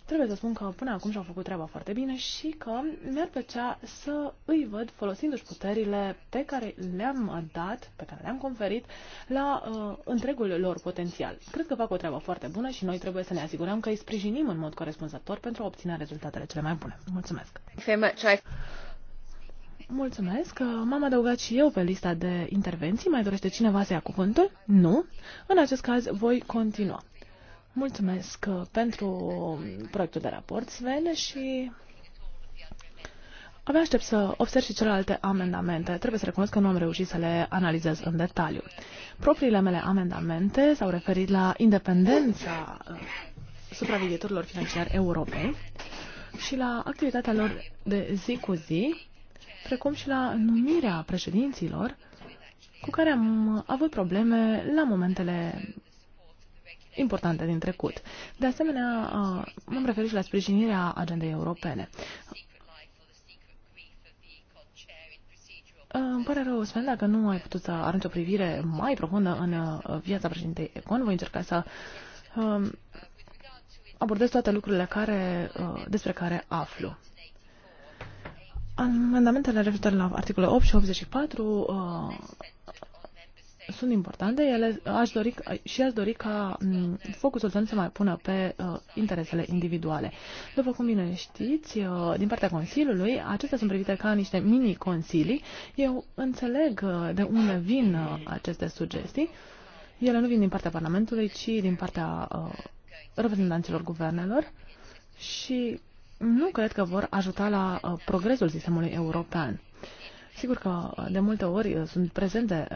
S5: trebuie să spun că până acum și-au făcut treaba foarte bine și că mi-ar plăcea să îi văd folosindu-și puterile pe care le-am dat, pe care le-am conferit, la uh, întregul lor potențial. Cred că fac o treabă foarte bună și noi trebuie să ne asigurăm că îi sprijinim în mod corespunzător pentru a obține rezultatele cele mai bune. Mulțumesc! Mulțumesc. Uh, M-am adăugat și eu pe lista de intervenții. Mai dorește cineva să ia cuvântul? Nu. În acest caz voi continua. Mulțumesc uh, pentru proiectul de raport, Sven, și Abia aștept să observ și celelalte amendamente. Trebuie să recunosc că nu am reușit să le analizez în detaliu. Propriile mele amendamente s-au referit la independența uh, supraveghetorilor financiari europeni și la activitatea lor de zi cu zi precum și la numirea președinților, cu care am avut probleme la momentele importante din trecut. De asemenea, m-am referit și la sprijinirea agendei europene. Îmi pare rău, Sven, dacă nu ai putut să arunci o privire mai profundă în uh, viața președintei Econ, voi încerca să um, abordez toate lucrurile care, uh, despre care aflu. Amendamentele referitoare la articolul 8 și 84 uh, sunt importante. Ele aș dori, și aș dori ca mm, focusul să nu se mai pună pe uh, interesele individuale. După cum bine știți, uh, din partea Consiliului, acestea sunt privite ca niște mini-consilii. Eu înțeleg uh, de unde vin uh, aceste sugestii. Ele nu vin din partea Parlamentului, ci din partea uh, reprezentanților guvernelor. Și nu cred că vor ajuta la uh, progresul sistemului european. Sigur că uh, de multe ori uh, sunt prezente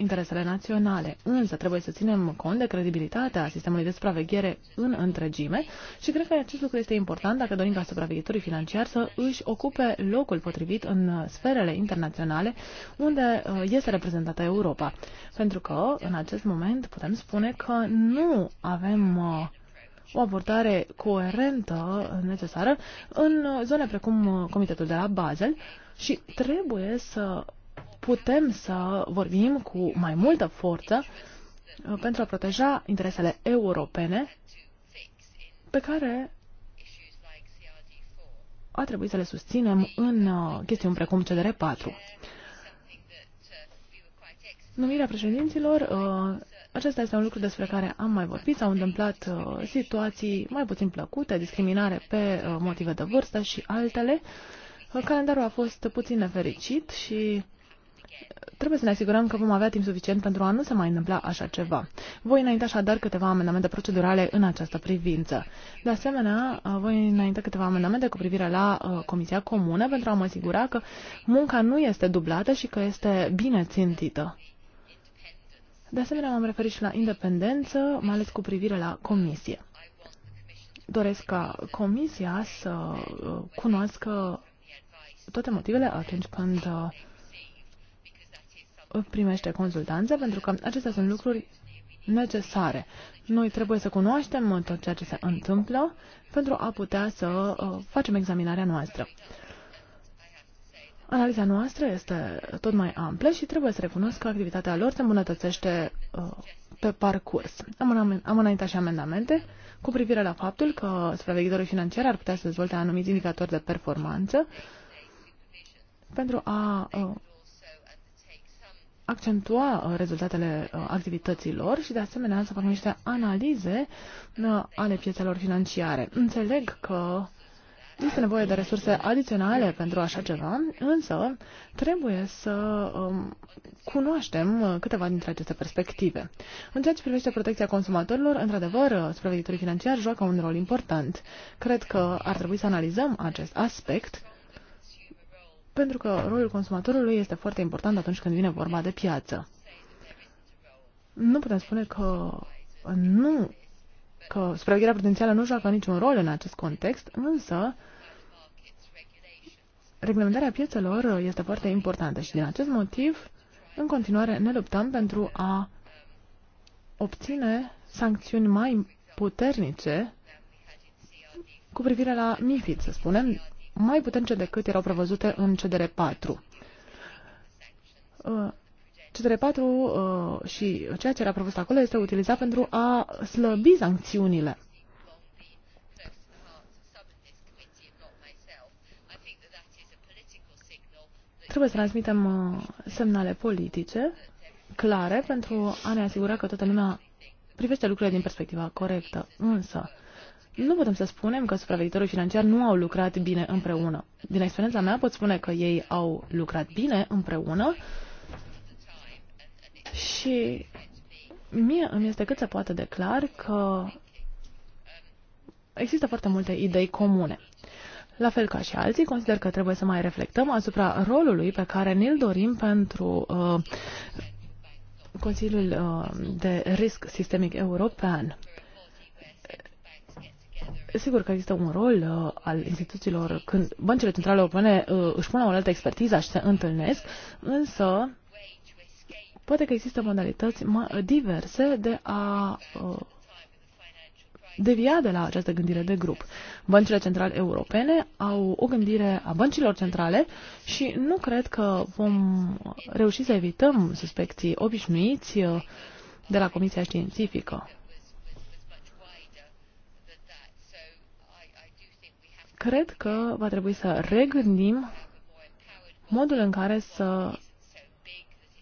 S5: interesele naționale, însă trebuie să ținem cont de credibilitatea sistemului de supraveghere în întregime și cred că acest lucru este important dacă dorim ca supraveghetorii financiari să își ocupe locul potrivit în sferele internaționale unde este reprezentată Europa. Pentru că în acest moment putem spune că nu avem o abordare coerentă necesară în zone precum uh, Comitetul de la Basel și trebuie să putem să vorbim cu mai multă forță uh, pentru a proteja interesele europene pe care a trebuit să le susținem în uh, chestiuni precum CDR4. Numirea președinților acesta este un lucru despre care am mai vorbit. S-au întâmplat uh, situații mai puțin plăcute, discriminare pe uh, motive de vârstă și altele. Uh, calendarul a fost puțin nefericit și uh, trebuie să ne asigurăm că vom avea timp suficient pentru a nu se mai întâmpla așa ceva. Voi înainta așadar câteva amendamente procedurale în această privință. De asemenea, uh, voi înainta câteva amendamente cu privire la uh, Comisia Comună pentru a mă asigura că munca nu este dublată și că este bine țintită. De asemenea, m-am referit și la independență, mai ales cu privire la comisie. Doresc ca comisia să uh, cunoască toate motivele atunci când uh, primește consultanță, pentru că acestea sunt lucruri necesare. Noi trebuie să cunoaștem tot ceea ce se întâmplă pentru a putea să uh, facem examinarea noastră. Analiza noastră este tot mai amplă și trebuie să recunosc că activitatea lor se îmbunătățește uh, pe parcurs. Am, înaintat și amendamente cu privire la faptul că supraveghetorii financiar ar putea să dezvolte anumiți indicatori de performanță pentru a uh, accentua uh, rezultatele activităților și, de asemenea, să facă niște analize ale piețelor financiare. Înțeleg că este nevoie de resurse adiționale pentru așa ceva, însă trebuie să um, cunoaștem câteva dintre aceste perspective. În ceea ce privește protecția consumatorilor, într-adevăr, supraveghetorii financiari joacă un rol important. Cred că ar trebui să analizăm acest aspect pentru că rolul consumatorului este foarte important atunci când vine vorba de piață. Nu putem spune că nu că supravegherea prudențială nu joacă niciun rol în acest context, însă reglementarea piețelor este foarte importantă și din acest motiv, în continuare, ne luptăm pentru a obține sancțiuni mai puternice cu privire la MIFID, să spunem, mai puternice decât erau prevăzute în CDR 4. CTR4 uh, și ceea ce era propus acolo este utilizat pentru a slăbi sancțiunile. Trebuie să transmitem uh, semnale politice clare pentru a ne asigura că toată lumea privește lucrurile din perspectiva corectă. Însă, nu putem să spunem că supraveghetorii financiar nu au lucrat bine împreună. Din experiența mea pot spune că ei au lucrat bine împreună, uh, și mie îmi este cât se poate de clar că există foarte multe idei comune. La fel ca și alții, consider că trebuie să mai reflectăm asupra rolului pe care ne-l dorim pentru uh, Consiliul uh, de Risc Sistemic European. Sigur că există un rol uh, al instituțiilor când băncile centrale europene uh, își pun la altă expertiza și se întâlnesc, însă Poate că există modalități diverse de a uh, devia de la această gândire de grup. Băncile centrale europene au o gândire a băncilor centrale și nu cred că vom reuși să evităm suspecții obișnuiți uh, de la Comisia Științifică. Cred că va trebui să regândim modul în care să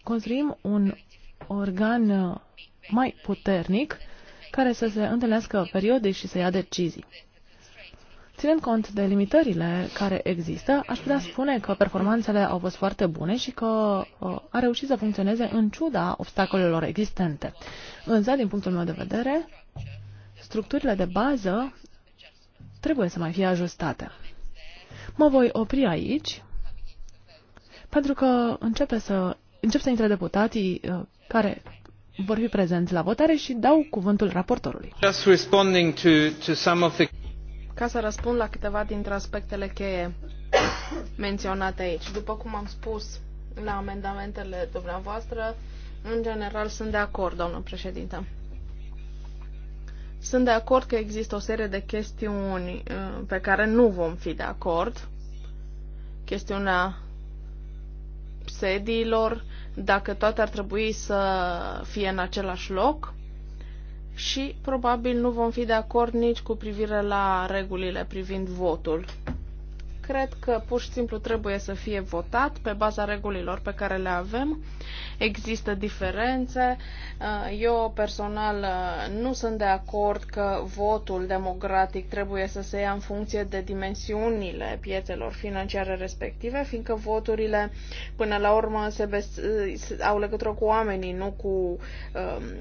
S5: construim un organ uh, mai puternic care să se întâlnească periodic și să ia decizii. Ținând cont de limitările care există, aș putea spune că performanțele au fost foarte bune și că uh, a reușit să funcționeze în ciuda obstacolelor existente. Însă, din punctul meu de vedere, structurile de bază trebuie să mai fie ajustate. Mă voi opri aici, pentru că începe să încep să intre deputații uh, care vor fi prezenți la votare și dau cuvântul raportorului.
S3: Just responding to, to some of the... Ca
S2: să răspund la câteva dintre aspectele cheie menționate aici. După cum am spus la amendamentele dumneavoastră, în general sunt de acord, doamnă președintă. Sunt de acord că există o serie de chestiuni uh, pe care nu vom fi de acord. Chestiunea sediilor, dacă toate ar trebui să fie în același loc și probabil nu vom fi de acord nici cu privire la regulile privind votul. Cred că pur și simplu trebuie să fie votat pe baza regulilor pe care le avem. Există diferențe. Uh, Eu personal uh, nu sunt de acord că votul democratic trebuie să se ia în funcție de dimensiunile piețelor financiare respective, fiindcă voturile până la urmă se uh, au legătură cu oamenii, nu cu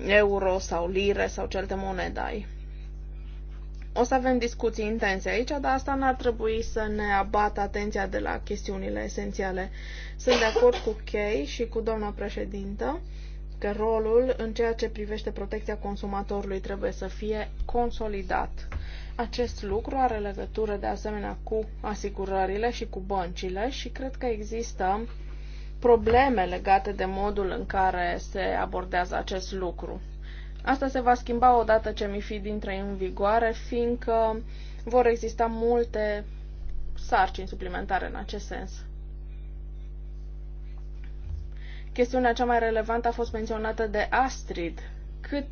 S2: euro sau lire sau ce alte monede ai. O să avem discuții intense aici, dar asta n-ar trebui să ne abată atenția de la chestiunile esențiale. Sunt de acord cu Kay și cu doamna președintă că rolul în ceea ce privește protecția consumatorului trebuie să fie consolidat. Acest lucru are legătură de asemenea cu asigurările și cu băncile și cred că există probleme legate de modul în care se abordează acest lucru. Asta se va schimba odată ce MIFID intră în vigoare, fiindcă vor exista multe sarcini suplimentare în acest sens. Chestiunea cea mai relevantă a fost menționată de Astrid. Cât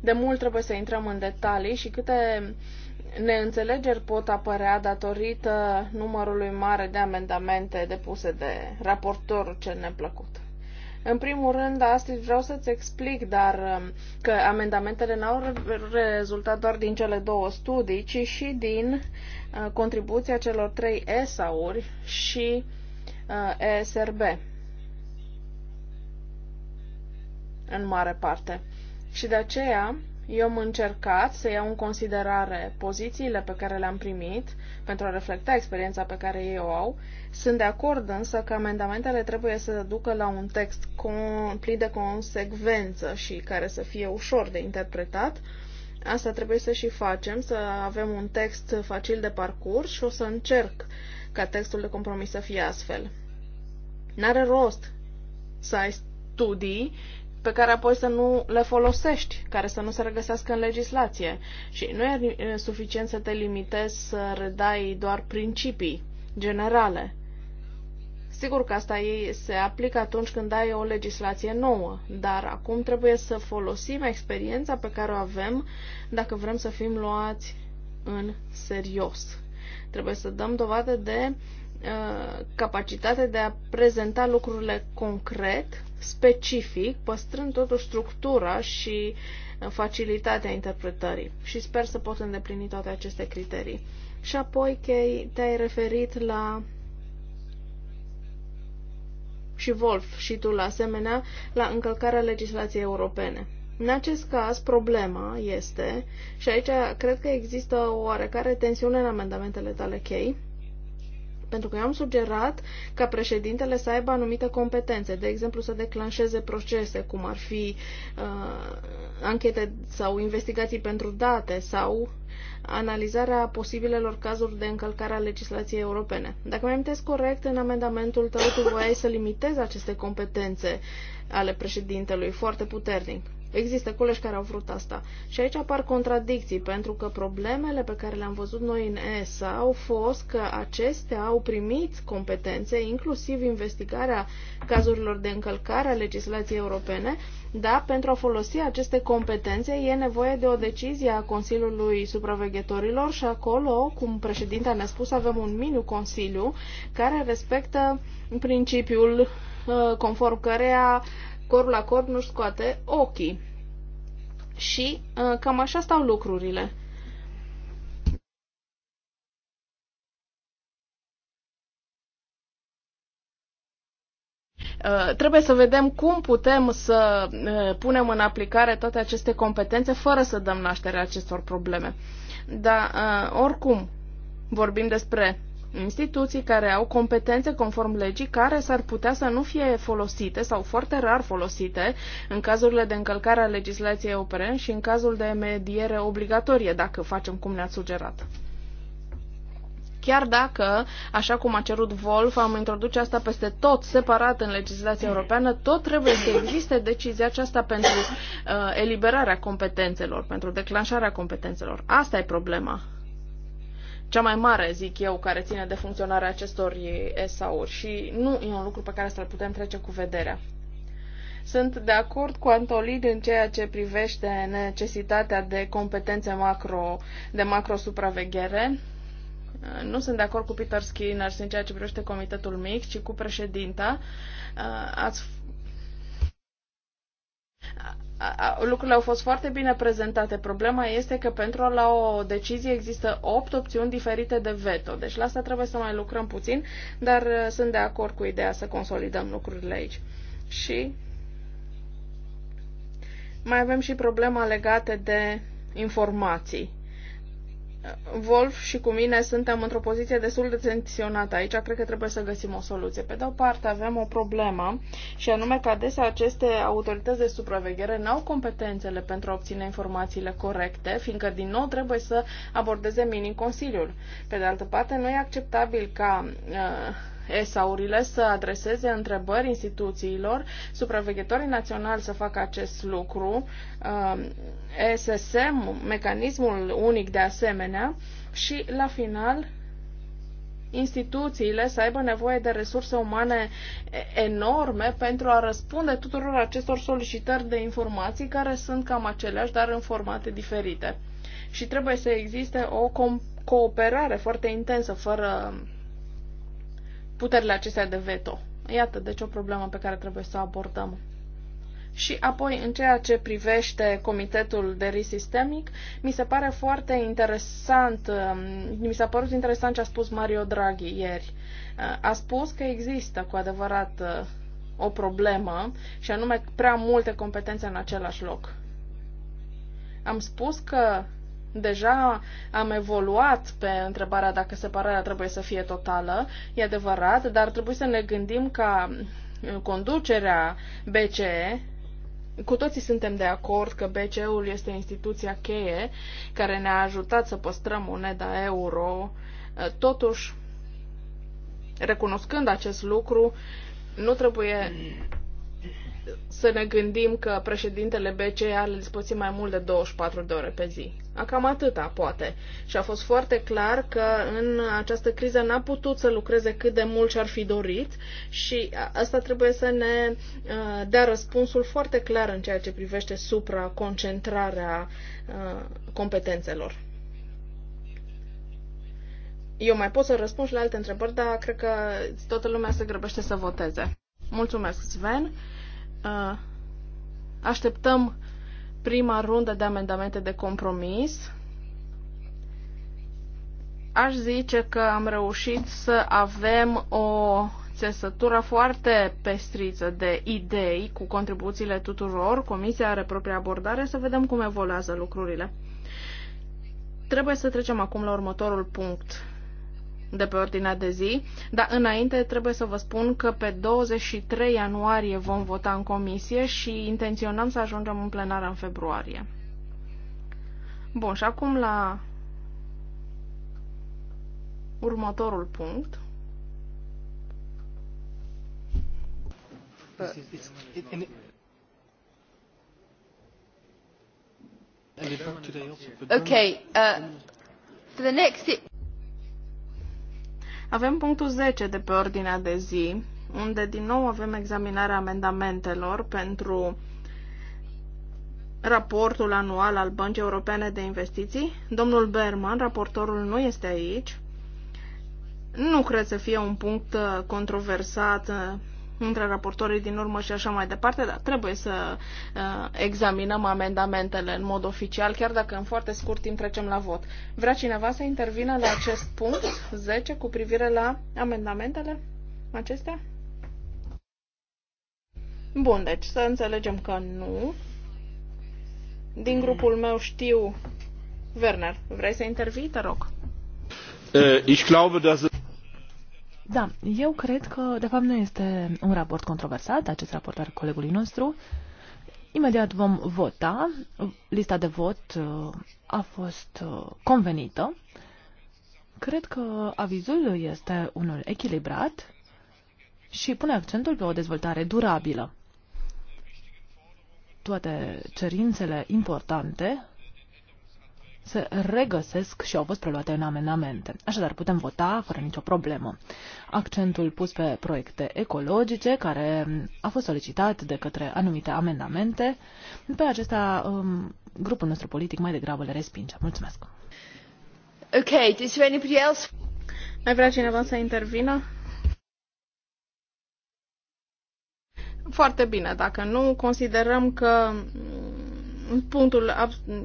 S2: de mult trebuie să intrăm în detalii și câte neînțelegeri pot apărea datorită numărului mare de amendamente depuse de raportorul cel neplăcut. În primul rând, astăzi vreau să-ți explic, dar um, că amendamentele n-au rezultat doar din cele două studii, ci și din uh, contribuția celor trei ESA-uri și uh, ESRB. În mare parte. Și de aceea eu am încercat să iau în considerare pozițiile pe care le-am primit pentru a reflecta experiența pe care ei o au. Sunt de acord însă că amendamentele trebuie să ducă la un text plin de consecvență și care să fie ușor de interpretat. Asta trebuie să și facem, să avem un text facil de parcurs și o să încerc ca textul de compromis să fie astfel. N-are rost să ai studii pe care apoi să nu le folosești, care să nu se regăsească în legislație. Și nu e suficient să te limitezi să redai doar principii generale. Sigur că asta ei se aplică atunci când ai o legislație nouă, dar acum trebuie să folosim experiența pe care o avem dacă vrem să fim luați în serios. Trebuie să dăm dovadă de uh, capacitate de a prezenta lucrurile concret specific, păstrând totuși structura și uh, facilitatea interpretării. Și sper să pot îndeplini toate aceste criterii. Și apoi, Kay, te-ai referit la și Wolf și tu la asemenea la încălcarea legislației europene. În acest caz, problema este, și aici cred că există o oarecare tensiune în amendamentele tale chei, pentru că eu am sugerat ca președintele să aibă anumite competențe, de exemplu să declanșeze procese, cum ar fi uh, anchete sau investigații pentru date sau analizarea posibilelor cazuri de încălcare a legislației europene. Dacă mi amintesc corect, în amendamentul tău tu voiai să limitezi aceste competențe ale președintelui foarte puternic. Există colegi care au vrut asta. Și aici apar contradicții, pentru că problemele pe care le-am văzut noi în ESA au fost că acestea au primit competențe, inclusiv investigarea cazurilor de încălcare a legislației europene, dar pentru a folosi aceste competențe e nevoie de o decizie a Consiliului Supraveghetorilor și acolo, cum președinta ne-a spus, avem un miniu consiliu care respectă principiul uh, conform căreia corul la corp nu-și scoate ochii. Și uh, cam așa stau lucrurile. Uh, trebuie să vedem cum putem să uh, punem în aplicare toate aceste competențe fără să dăm naștere acestor probleme. Dar, uh, oricum, vorbim despre instituții care au competențe conform legii care s-ar putea să nu fie folosite sau foarte rar folosite în cazurile de încălcare a legislației europene și în cazul de mediere obligatorie, dacă facem cum ne-ați sugerat chiar dacă, așa cum a cerut Wolf, am introduce asta peste tot, separat în legislația europeană, tot trebuie să existe decizia aceasta pentru uh, eliberarea competențelor, pentru declanșarea competențelor. Asta e problema cea mai mare, zic eu, care ține de funcționarea acestor ESA-uri și nu e un lucru pe care să-l putem trece cu vederea. Sunt de acord cu Antolid în ceea ce privește necesitatea de competențe macro, de macro supraveghere. Nu sunt de acord cu Peter Skinner în ceea ce privește comitetul mic, ci cu președinta. Ați lucrurile au fost foarte bine prezentate. Problema este că pentru la o decizie există opt opțiuni diferite de veto. Deci la asta trebuie să mai lucrăm puțin, dar uh, sunt de acord cu ideea să consolidăm lucrurile aici. Și mai avem și problema legată de informații. Wolf și cu mine suntem într-o poziție destul de tensionată aici. Cred că trebuie să găsim o soluție. Pe de o parte avem o problemă și anume că adesea aceste autorități de supraveghere n-au competențele pentru a obține informațiile corecte, fiindcă din nou trebuie să abordeze minim Consiliul. Pe de altă parte, nu e acceptabil ca uh, ESA-urile să adreseze întrebări instituțiilor, supraveghetorii naționali să facă acest lucru, ssm um, mecanismul unic de asemenea, și la final instituțiile să aibă nevoie de resurse umane enorme pentru a răspunde tuturor acestor solicitări de informații care sunt cam aceleași, dar în formate diferite. Și trebuie să existe o cooperare foarte intensă, fără puterile acestea de veto. Iată, deci o problemă pe care trebuie să o abordăm. Și apoi, în ceea ce privește Comitetul de Risc Sistemic, mi se pare foarte interesant, um, mi s-a părut interesant ce a spus Mario Draghi ieri. Uh, a spus că există cu adevărat uh, o problemă și anume prea multe competențe în același loc. Am spus că Deja am evoluat pe întrebarea dacă separarea trebuie să fie totală, e adevărat, dar trebuie să ne gândim ca conducerea BCE, cu toții suntem de acord că BCE-ul este instituția cheie care ne-a ajutat să păstrăm moneda euro, totuși, recunoscând acest lucru, nu trebuie să ne gândim că președintele BCE are la dispoziție mai mult de 24 de ore pe zi. A cam atâta, poate. Și a fost foarte clar că în această criză n-a putut să lucreze cât de mult și-ar fi dorit și asta trebuie să ne uh, dea răspunsul foarte clar în ceea ce privește supraconcentrarea uh, competențelor. Eu mai pot să răspund și la alte întrebări, dar cred că toată lumea se grăbește să voteze. Mulțumesc, Sven. Uh, așteptăm prima rundă de amendamente de compromis. Aș zice că am reușit să avem o țesătură foarte pestriță de idei cu contribuțiile tuturor. Comisia are propria abordare, să vedem cum evoluează lucrurile. Trebuie să trecem acum la următorul punct de pe ordinea de zi, dar înainte trebuie să vă spun că pe 23 ianuarie vom vota în comisie și intenționăm să ajungem în plenară în februarie. Bun, și acum la următorul punct.
S3: Uh, okay,
S1: uh, for the next
S2: avem punctul 10 de pe ordinea de zi, unde din nou avem examinarea amendamentelor pentru raportul anual al Băncii Europene de Investiții. Domnul Berman, raportorul, nu este aici. Nu cred să fie un punct uh, controversat uh, între raportorii din urmă și așa mai departe, dar trebuie să uh, examinăm amendamentele în mod oficial, chiar dacă în foarte scurt timp trecem la vot. Vrea cineva să intervină la acest punct 10 cu privire la amendamentele acestea? Bun, deci să înțelegem că nu. Din grupul meu știu Werner, vrei să intervii, te rog?
S3: Äh, ich glaube, dass
S5: da, eu cred că, de fapt, nu este un raport controversat, acest raport al colegului nostru. Imediat vom vota. Lista de vot uh, a fost uh, convenită. Cred că avizul este unul echilibrat și pune accentul pe o dezvoltare durabilă. Toate cerințele importante se regăsesc și au fost preluate în amendamente. Așadar, putem vota fără nicio problemă. Accentul pus pe proiecte ecologice, care a fost solicitat de către anumite amendamente, pe acesta um, grupul nostru politic mai degrabă le respinge. Mulțumesc!
S1: Ok, is there anybody else?
S2: Mai vrea cineva să intervină? Foarte bine, dacă nu, considerăm că Punctul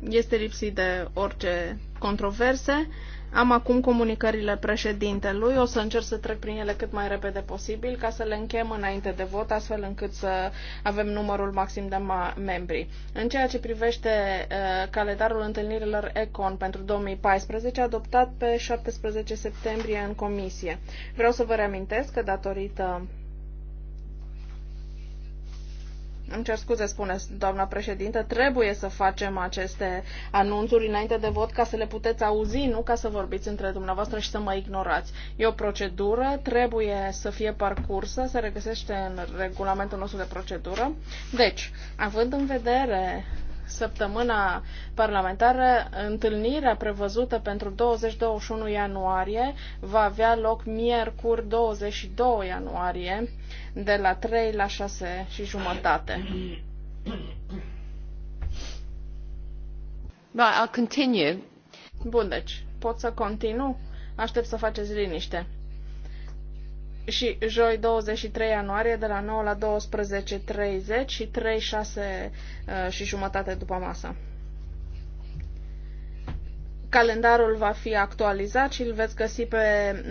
S2: este lipsit de orice controverse. Am acum comunicările președintelui. O să încerc să trec prin ele cât mai repede posibil ca să le închem înainte de vot, astfel încât să avem numărul maxim de ma- membri. În ceea ce privește uh, calendarul întâlnirilor ECON pentru 2014, adoptat pe 17 septembrie în comisie. Vreau să vă reamintesc că datorită îmi cer scuze, spune doamna președintă, trebuie să facem aceste anunțuri înainte de vot ca să le puteți auzi, nu ca să vorbiți între dumneavoastră și să mă ignorați. E o procedură, trebuie să fie parcursă, se regăsește în regulamentul nostru de procedură. Deci, având în vedere săptămâna parlamentară, întâlnirea prevăzută pentru 20-21 ianuarie va avea loc miercuri 22 ianuarie de la 3 la 6 și jumătate.
S1: Right, I'll continue.
S2: Bun, deci pot să continu? Aștept să faceți liniște și joi 23 ianuarie de la 9 la 12.30 și 3, 6 uh, și jumătate după masă. Calendarul va fi actualizat și îl veți găsi pe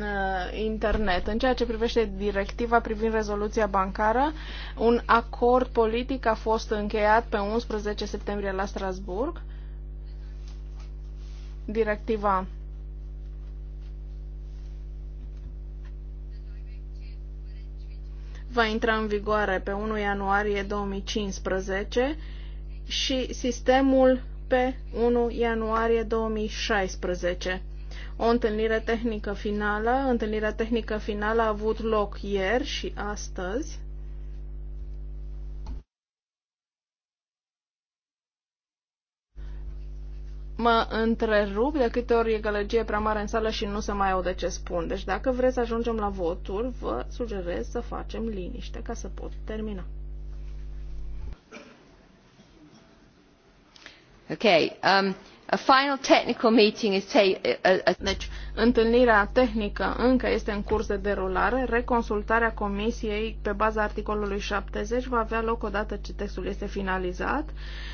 S2: uh, internet. În ceea ce privește directiva privind rezoluția bancară, un acord politic a fost încheiat pe 11 septembrie la Strasburg. Directiva va intra în vigoare pe 1 ianuarie 2015 și sistemul pe 1 ianuarie 2016. O întâlnire tehnică finală, întâlnirea tehnică finală a avut loc ieri și astăzi mă întrerup de câte ori e gălăgie prea mare în sală și nu se mai aude ce spun. Deci dacă vreți să ajungem la voturi, vă sugerez să facem liniște ca să pot termina.
S1: Okay. Um, întâlnirea
S2: tehnică încă este în curs de derulare. Reconsultarea comisiei pe baza articolului 70 va avea loc odată ce textul este finalizat,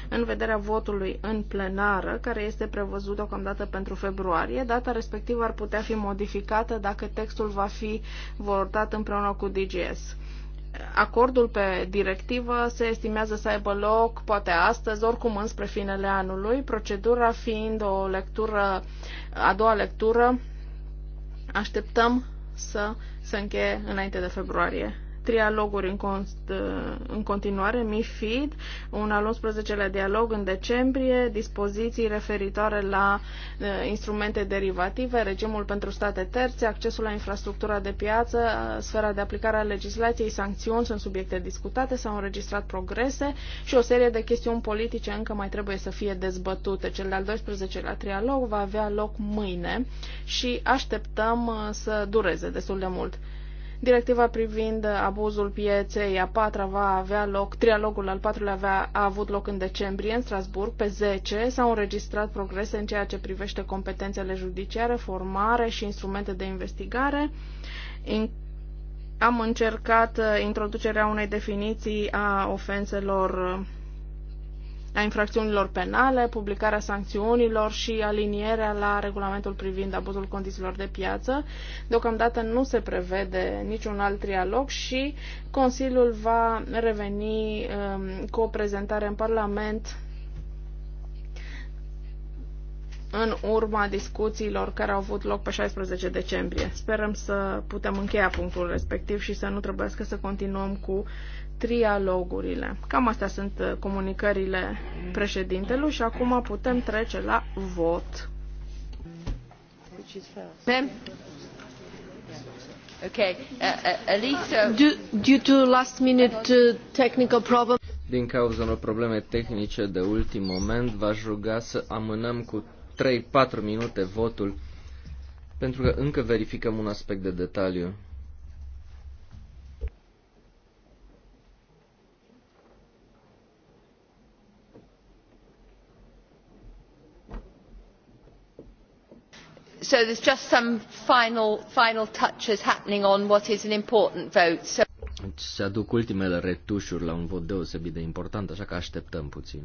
S2: în vederea votului în plenară, care este prevăzut deocamdată pentru februarie. Data respectivă ar putea fi modificată dacă textul va fi votat împreună cu DGS. Acordul pe directivă se estimează să aibă loc poate astăzi, oricum înspre finele anului, procedura fiind o lectură, a doua lectură, așteptăm să se încheie înainte de februarie trialoguri în, const, în continuare, MIFID, un al 11-lea dialog în decembrie, dispoziții referitoare la uh, instrumente derivative, regimul pentru state terțe, accesul la infrastructura de piață, sfera de aplicare a legislației, sancțiuni sunt subiecte discutate, s-au înregistrat progrese și o serie de chestiuni politice încă mai trebuie să fie dezbătute. Cel de-al 12-lea trialog va avea loc mâine și așteptăm să dureze destul de mult. Directiva privind abuzul pieței a patra va avea loc, trialogul al patrulea avea, a avut loc în decembrie în Strasburg, pe 10 s-au înregistrat progrese în ceea ce privește competențele judiciare, formare și instrumente de investigare. In, am încercat uh, introducerea unei definiții a ofenselor uh, a infracțiunilor penale, publicarea sancțiunilor și alinierea la regulamentul privind abuzul condițiilor de piață. Deocamdată nu se prevede niciun alt trialog și Consiliul va reveni um, cu o prezentare în Parlament în urma discuțiilor care au avut loc pe 16 decembrie. Sperăm să putem încheia punctul respectiv și să nu trebuiască să continuăm cu trialogurile. Cam astea sunt uh, comunicările președintelui și acum putem trece la vot. Mem?
S1: Okay. Uh, Elisa. Uh, due, due to last minute uh, technical problem.
S4: Din cauza unor probleme tehnice de ultim moment, v-aș ruga să amânăm cu 3-4 minute votul, pentru că încă verificăm un aspect de detaliu.
S1: so there are just some final, touches happening on what is an important vote.
S4: Deci se aduc ultimele retușuri la un vot deosebit de important, așa că așteptăm puțin.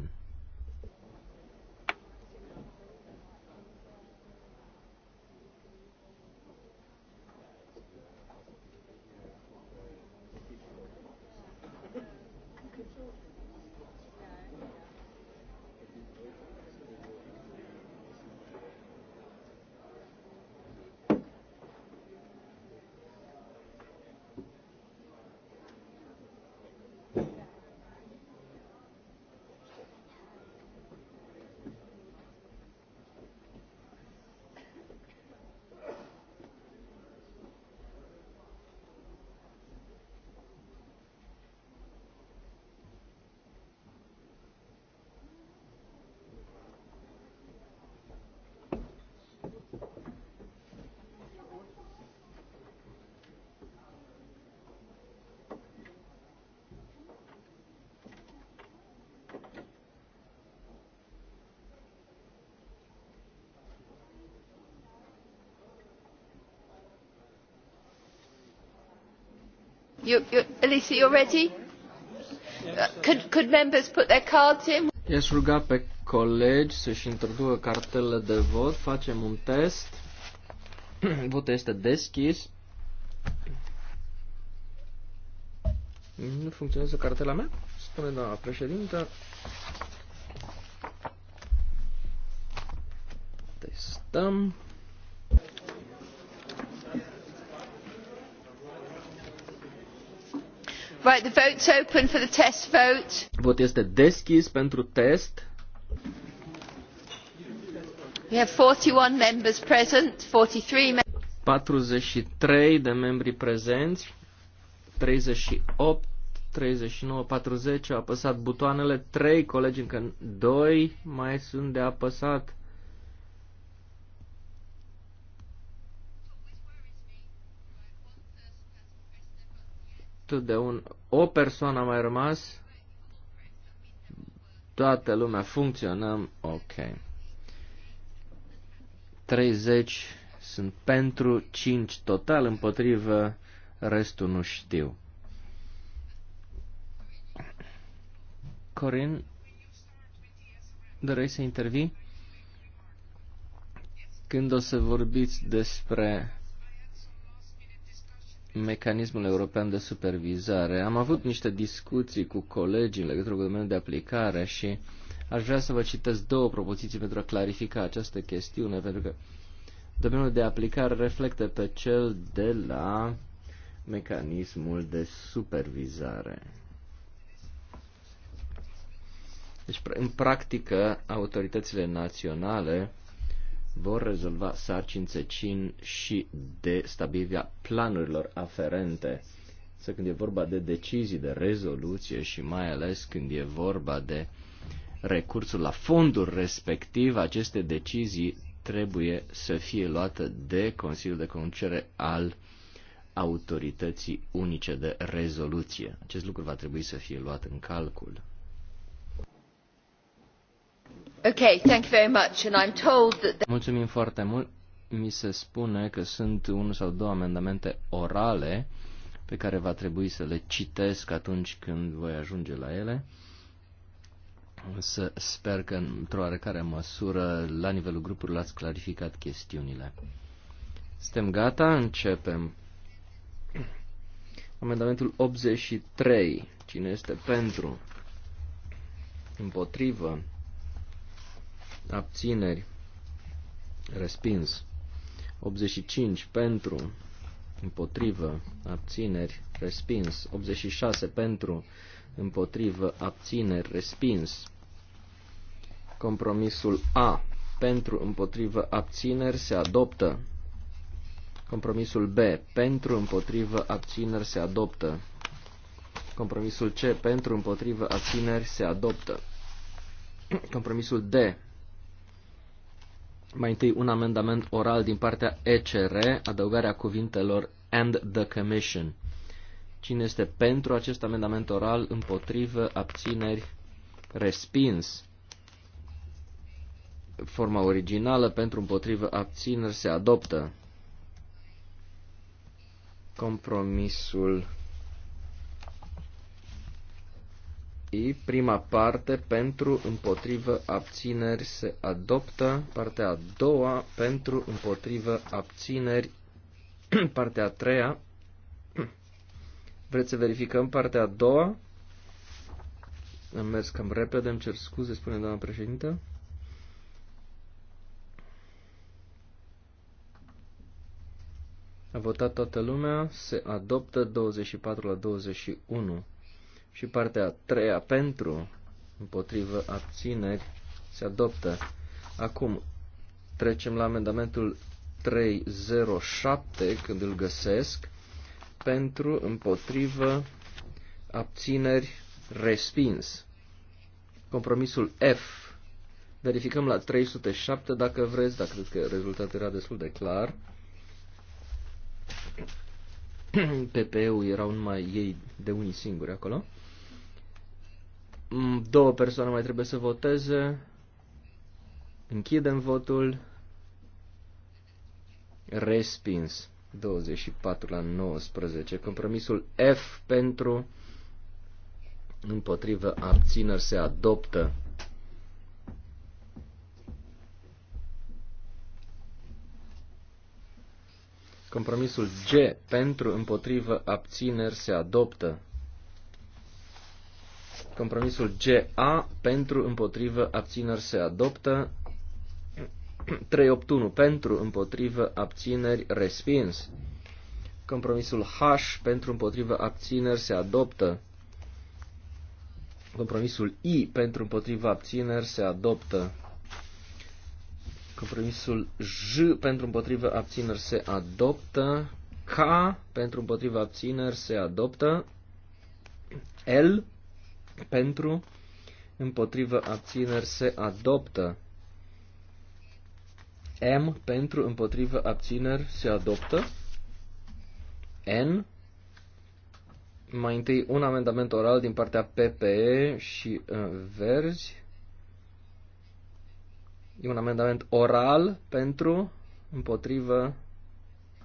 S1: Elisa, you're ready? Uh, could, could members put their cards in?
S4: I-aș ruga pe colegi să-și introducă cartele de vot. Facem un test. Votul este deschis. Nu funcționează cartela mea? Spune doamna președintă. Testăm.
S1: Right, the vote's open for the test vote.
S4: Vot este deschis pentru test.
S1: We have 41 members present, 43 members.
S4: 43 de membri prezenți, 38, 39, 40 au apăsat butoanele, 3 colegi încă 2 mai sunt de apăsat. de un, o persoană a mai rămas, toată lumea funcționăm, ok. 30 sunt pentru, 5 total împotrivă, restul nu știu. Corin, doreai să intervii? Când o să vorbiți despre mecanismul european de supervizare. Am avut niște discuții cu colegii în legătură cu domeniul de aplicare și aș vrea să vă citesc două propoziții pentru a clarifica această chestiune, pentru că domeniul de aplicare reflectă pe cel de la mecanismul de supervizare. Deci, în practică, autoritățile naționale vor rezolva sarcini țecin și de stabilirea planurilor aferente. Să când e vorba de decizii, de rezoluție și mai ales când e vorba de recursul la fondul respectiv, aceste decizii trebuie să fie luate de Consiliul de Conducere al Autorității Unice de Rezoluție. Acest lucru va trebui să fie luat în calcul. Mulțumim foarte mult. Mi se spune că sunt unul sau două amendamente orale pe care va trebui să le citesc atunci când voi ajunge la ele. Să sper că într-o oarecare măsură la nivelul grupurilor ați clarificat chestiunile. Suntem gata, începem. Amendamentul 83. Cine este pentru? Împotrivă? abțineri, respins. 85 pentru, împotrivă, abțineri, respins. 86 pentru, împotrivă, abțineri, respins. Compromisul A pentru, împotrivă, abțineri se adoptă. Compromisul B. Pentru, împotrivă, abțineri se adoptă. Compromisul C. Pentru, împotrivă, abțineri se adoptă. Compromisul D. Mai întâi un amendament oral din partea ECR, adăugarea cuvintelor and the Commission. Cine este pentru acest amendament oral, împotrivă, abțineri, respins. Forma originală pentru împotrivă abțineri se adoptă. Compromisul I, prima parte, pentru, împotrivă, abțineri, se adoptă. Partea a doua, pentru, împotrivă, abțineri. Partea a treia, vreți să verificăm partea a doua? Am mers cam repede, îmi cer scuze, spune doamna președintă. A votat toată lumea, se adoptă 24 la 21. Și partea a treia pentru, împotrivă, abțineri, se adoptă. Acum trecem la amendamentul 307, când îl găsesc, pentru, împotrivă, abțineri, respins. Compromisul F. Verificăm la 307 dacă vreți, dacă cred că rezultatul era destul de clar. ppe ul erau numai ei de unii singuri acolo. Mm, două persoane mai trebuie să voteze. Închidem votul. Respins. 24 la 19. Compromisul F pentru împotrivă abțineri se adoptă. Compromisul G pentru împotrivă abțineri se adoptă. Compromisul GA pentru împotrivă abțineri se adoptă. 381 pentru împotrivă abțineri respins. Compromisul H pentru împotrivă abțineri se adoptă. Compromisul I pentru împotriva abțineri se adoptă. Compromisul J pentru împotriva abțineri se adoptă. K pentru împotriva abțineri se adoptă. L pentru, împotrivă abțineri se adoptă. M pentru împotrivă abțineri se adoptă. N mai întâi un amendament oral din partea PPE și uh, Verzi. E un amendament oral pentru, împotrivă,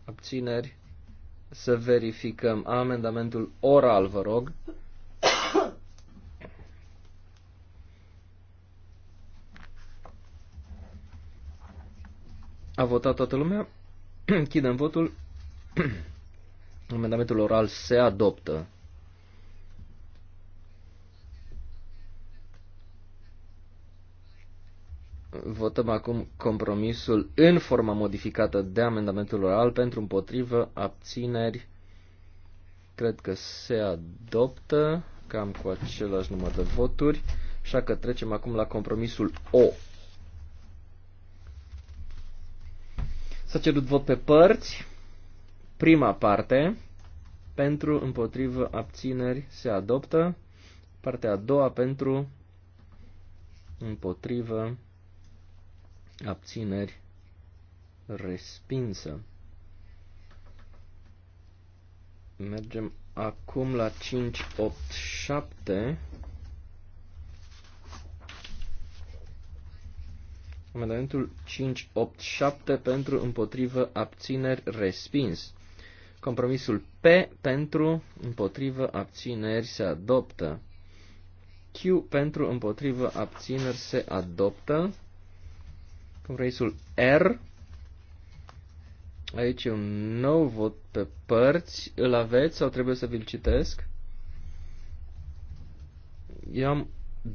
S4: abțineri. Să verificăm amendamentul oral, vă rog. A votat toată lumea. Închidem votul. Amendamentul oral se adoptă. Votăm acum compromisul în forma modificată de amendamentul oral pentru împotrivă abțineri. Cred că se adoptă cam cu același număr de voturi, așa că trecem acum la compromisul O. S-a cerut vot pe părți. Prima parte, pentru, împotrivă, abțineri, se adoptă. Partea a doua, pentru, împotrivă, abțineri, respinsă. Mergem acum la 7. Amendamentul 587 pentru împotrivă abțineri respins. Compromisul P pentru împotrivă abțineri se adoptă. Q pentru împotrivă abțineri se adoptă. Compromisul R. Aici e un nou vot pe părți. Îl aveți sau trebuie să vi-l citesc? Eu am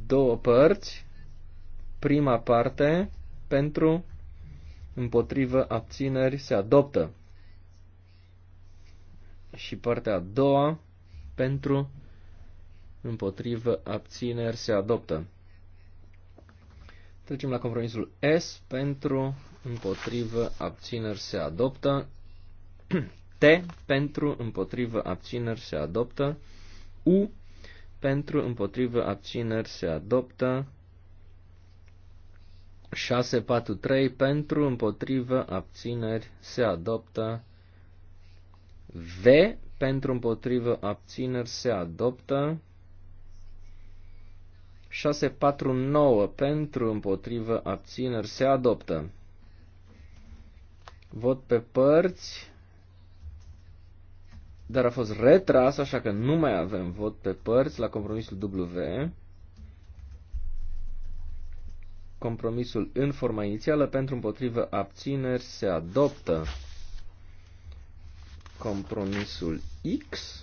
S4: două părți. Prima parte pentru, împotrivă, abțineri, se adoptă. Și partea a doua, pentru, împotrivă, abțineri, se adoptă. Trecem la compromisul S, pentru, împotrivă, abțineri, se adoptă. T, pentru, împotrivă, abțineri, se adoptă. U, pentru, împotrivă, abțineri, se adoptă. 643 pentru, împotrivă, abțineri, se adoptă. V pentru, împotrivă, abțineri, se adoptă. 649 pentru, împotrivă, abțineri, se adoptă. Vot pe părți, dar a fost retras, așa că nu mai avem vot pe părți la compromisul W. Compromisul în forma inițială pentru împotrivă abțineri se adoptă. Compromisul X.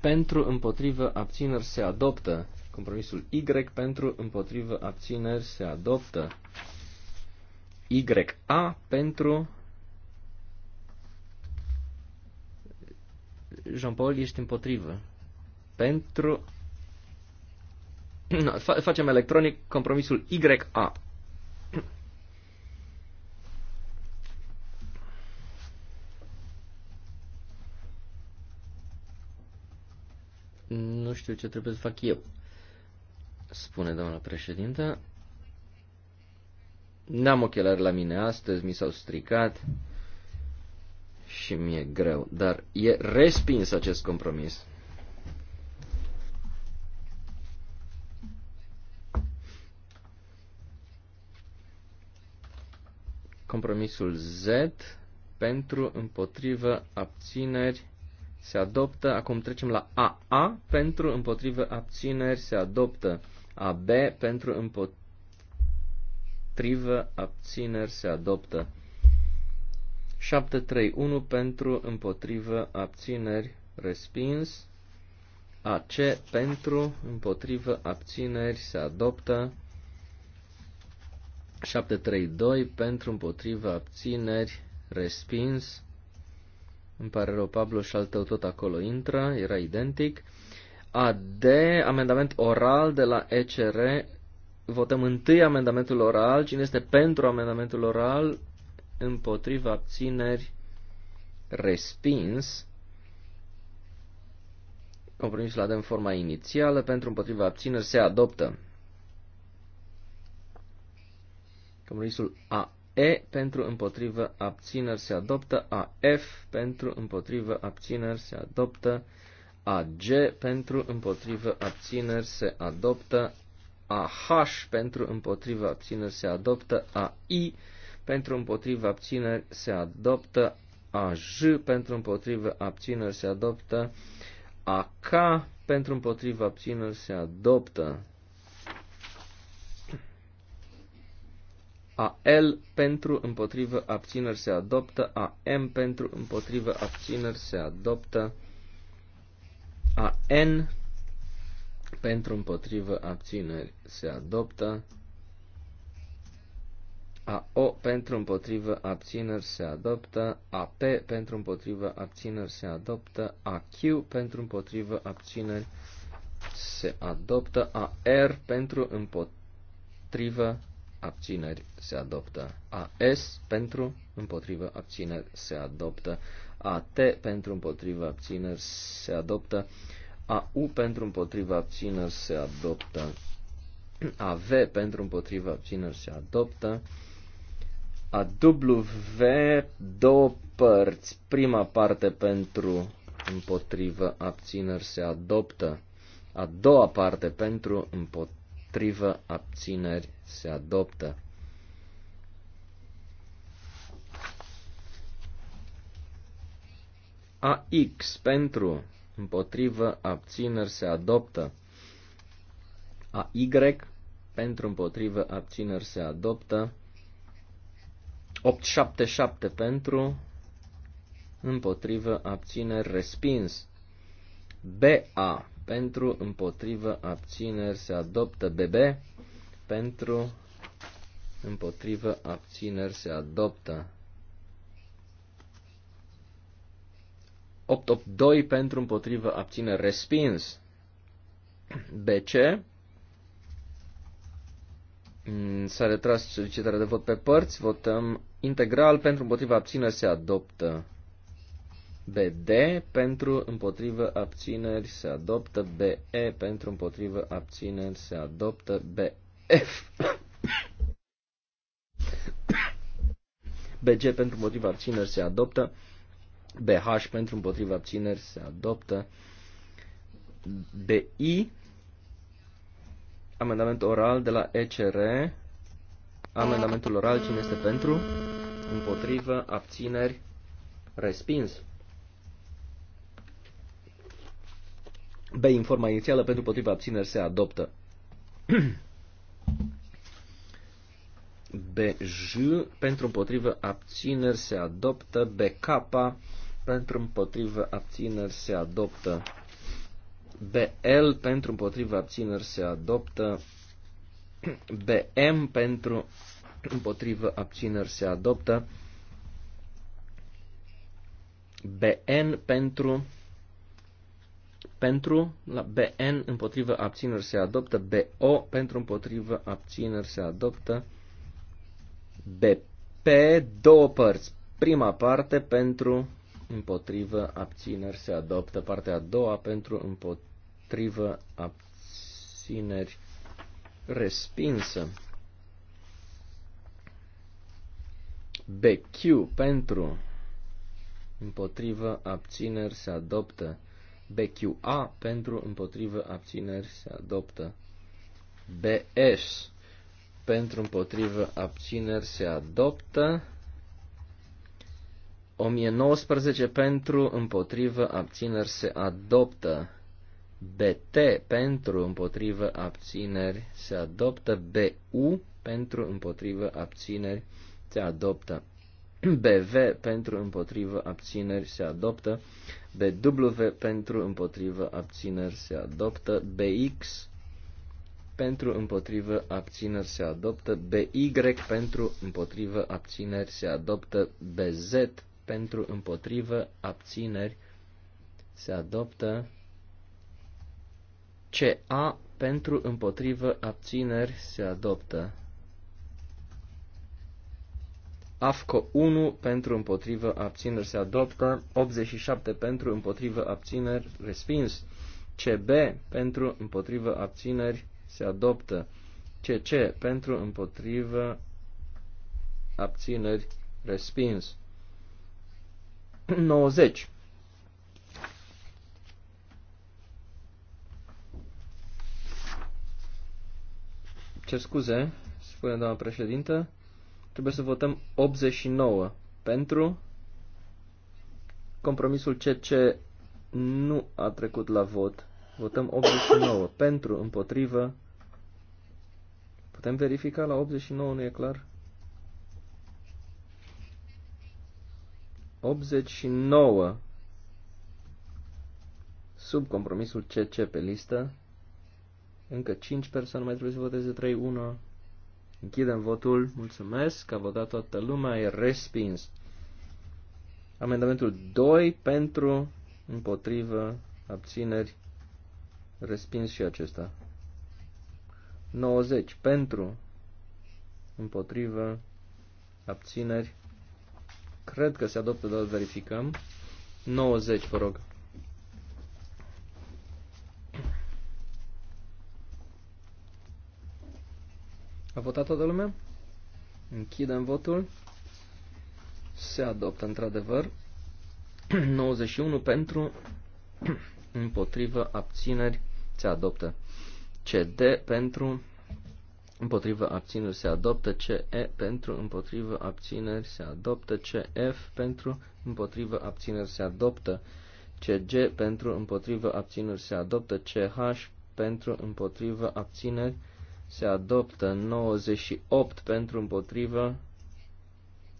S4: Pentru împotrivă abțineri se adoptă. Compromisul Y pentru împotrivă abțineri se adoptă. YA pentru Jean-Paul, ești împotrivă. Pentru... No, fa facem electronic compromisul YA. Nu știu ce trebuie să fac eu, spune doamna președintă. N-am ochelari la mine astăzi, mi s-au stricat și mi-e greu, dar e respins acest compromis. Compromisul Z pentru împotrivă abțineri se adoptă. Acum trecem la AA pentru împotrivă abțineri se adoptă. AB pentru împotrivă abțineri se adoptă. 731 pentru împotrivă abțineri respins. AC pentru împotrivă abțineri se adoptă. 732 pentru împotrivă abțineri respins. Îmi pare rău, Pablo și al tău tot acolo intră, era identic. AD, amendament oral de la ECR. Votăm întâi amendamentul oral. Cine este pentru amendamentul oral? împotriva abțineri, respins. Compromisul la în forma inițială, pentru împotriva abțineri se adoptă. Compromisul e pentru împotrivă abțineri se adoptă, AF pentru împotrivă abțineri se adoptă, AG pentru împotrivă abțineri se adoptă, AH pentru împotrivă abțineri se adoptă, AI pentru împotriva abțineri se adoptă, AJ pentru împotriva abțineri se adoptă, AK pentru împotriva abțineri se adoptă, AL pentru împotriva abțineri se adoptă, AM pentru împotriva abțineri se adoptă, AN pentru împotriva abțineri se adoptă, a O pentru împotrivă abțineri se adoptă, A P pentru împotrivă abțineri se adoptă, A Q pentru împotrivă abțineri se adoptă, A R pentru împotrivă abțineri se adoptă, A S pentru împotrivă abțineri se adoptă, A T pentru împotrivă abțineri se adoptă, A U pentru împotrivă abțineri se adoptă, A V pentru împotrivă abțineri se adoptă, W, două părți. Prima parte pentru împotrivă abțineri se adoptă. A doua parte pentru împotrivă abțineri se adoptă. AX pentru împotrivă abțineri se adoptă. AY pentru împotrivă abțineri se adoptă. 877 pentru, împotrivă, abțineri, respins. BA pentru, împotrivă, abțineri, se adoptă. BB pentru, împotrivă, abțineri, se adoptă. 882 pentru, împotrivă, abțineri, respins. BC Mm, s-a retras solicitarea de vot pe părți. Votăm integral pentru împotriva abțineri se adoptă BD. Pentru împotriva abțineri se adoptă BE. Pentru împotriva abțineri se adoptă BF. BG pentru împotriva abțineri se adoptă. BH pentru împotriva abțineri se adoptă. BI Amendament oral de la ECR. Amendamentul oral, cine este pentru? Împotrivă, abțineri, respins. B. Informa inițială pentru potriva abțineri se adoptă. BJ pentru împotrivă abțineri se adoptă. BK pentru împotrivă abțineri se adoptă. BL pentru împotriva abțineri se adoptă. BM pentru împotriva abțineri se adoptă. BN pentru pentru la BN împotriva abțineri se adoptă. BO pentru împotriva abțineri se adoptă. BP două părți. Prima parte pentru împotrivă, abțineri se adoptă. Partea a doua pentru împotrivă împotrivă, abțineri, respinsă. BQ pentru, împotrivă, abțineri, se adoptă. BQA pentru, împotrivă, abțineri, se adoptă. BS pentru, împotrivă, abțineri, se adoptă. 1019 pentru, împotrivă, abțineri se adoptă. BT pentru împotrivă abțineri se adoptă, BU pentru împotrivă abțineri se adoptă, BV pentru împotrivă abțineri se adoptă, BW pentru împotrivă abțineri se adoptă, BX pentru împotrivă abțineri se adoptă, BY pentru împotrivă abțineri se adoptă, BZ pentru împotrivă abțineri se adoptă, a pentru împotrivă abțineri se adoptă. AFCO 1 pentru împotrivă abțineri se adoptă, 87 pentru împotrivă abțineri respins, CB pentru împotrivă abțineri se adoptă, CC pentru împotrivă abțineri respins, 90 Cer scuze, spune doamna președintă. Trebuie să votăm 89 pentru. Compromisul CC nu a trecut la vot. Votăm 89 pentru, împotrivă. Putem verifica la 89, nu e clar? 89 sub compromisul CC pe listă. Încă 5 persoane mai trebuie să voteze 3-1. Închidem votul. Mulțumesc. A votat toată lumea. E respins. Amendamentul 2 pentru, împotrivă, abțineri. Respins și acesta. 90 pentru, împotrivă, abțineri. Cred că se adoptă, dar verificăm. 90, vă rog. A votat toată lumea? Închidem votul. Se adoptă într-adevăr. 91 pentru, împotrivă, abțineri, se adoptă. CD pentru, împotrivă, abțineri, se adoptă. CE pentru, împotrivă, abțineri, se adoptă. CF pentru, împotrivă, abțineri, se adoptă. CG pentru, împotrivă, abțineri, se adoptă. CH pentru, împotrivă, abțineri, se adoptă se adoptă 98 pentru împotrivă,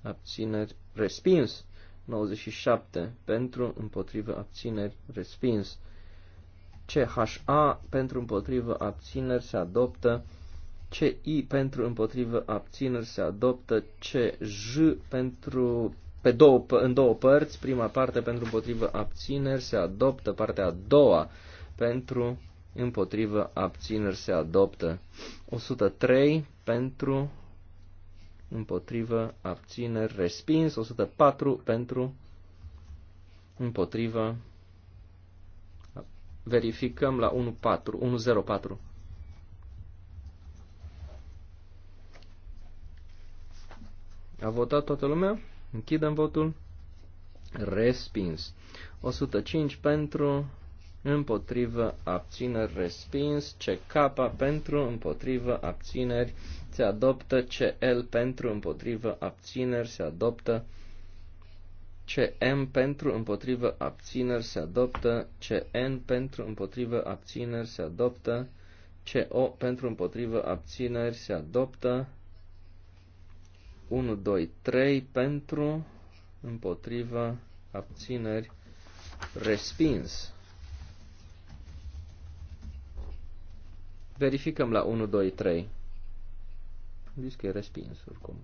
S4: abțineri, respins. 97 pentru împotrivă, abțineri, respins. CHA pentru împotrivă, abțineri, se adoptă. CI pentru împotrivă, abțineri, se adoptă. CJ pentru pe două, în două părți, prima parte pentru împotrivă abțineri, se adoptă partea a doua pentru împotrivă, abțineri se adoptă. 103 pentru, împotrivă, abțineri, respins. 104 pentru, împotrivă, verificăm la 104. A votat toată lumea? Închidem votul. Respins. 105 pentru, împotrivă, abțineri, respins, CK pentru, împotrivă, abțineri, se adoptă, CL pentru, împotrivă, abțineri, se adoptă, CM pentru, împotrivă, abțineri, se adoptă, CN pentru, împotrivă, abțineri, se adoptă, CO pentru, împotrivă, abțineri, se adoptă, 1, 2, 3 pentru, împotrivă, abțineri, respins. Verificăm la 1, 2, 3. Am că e respins oricum.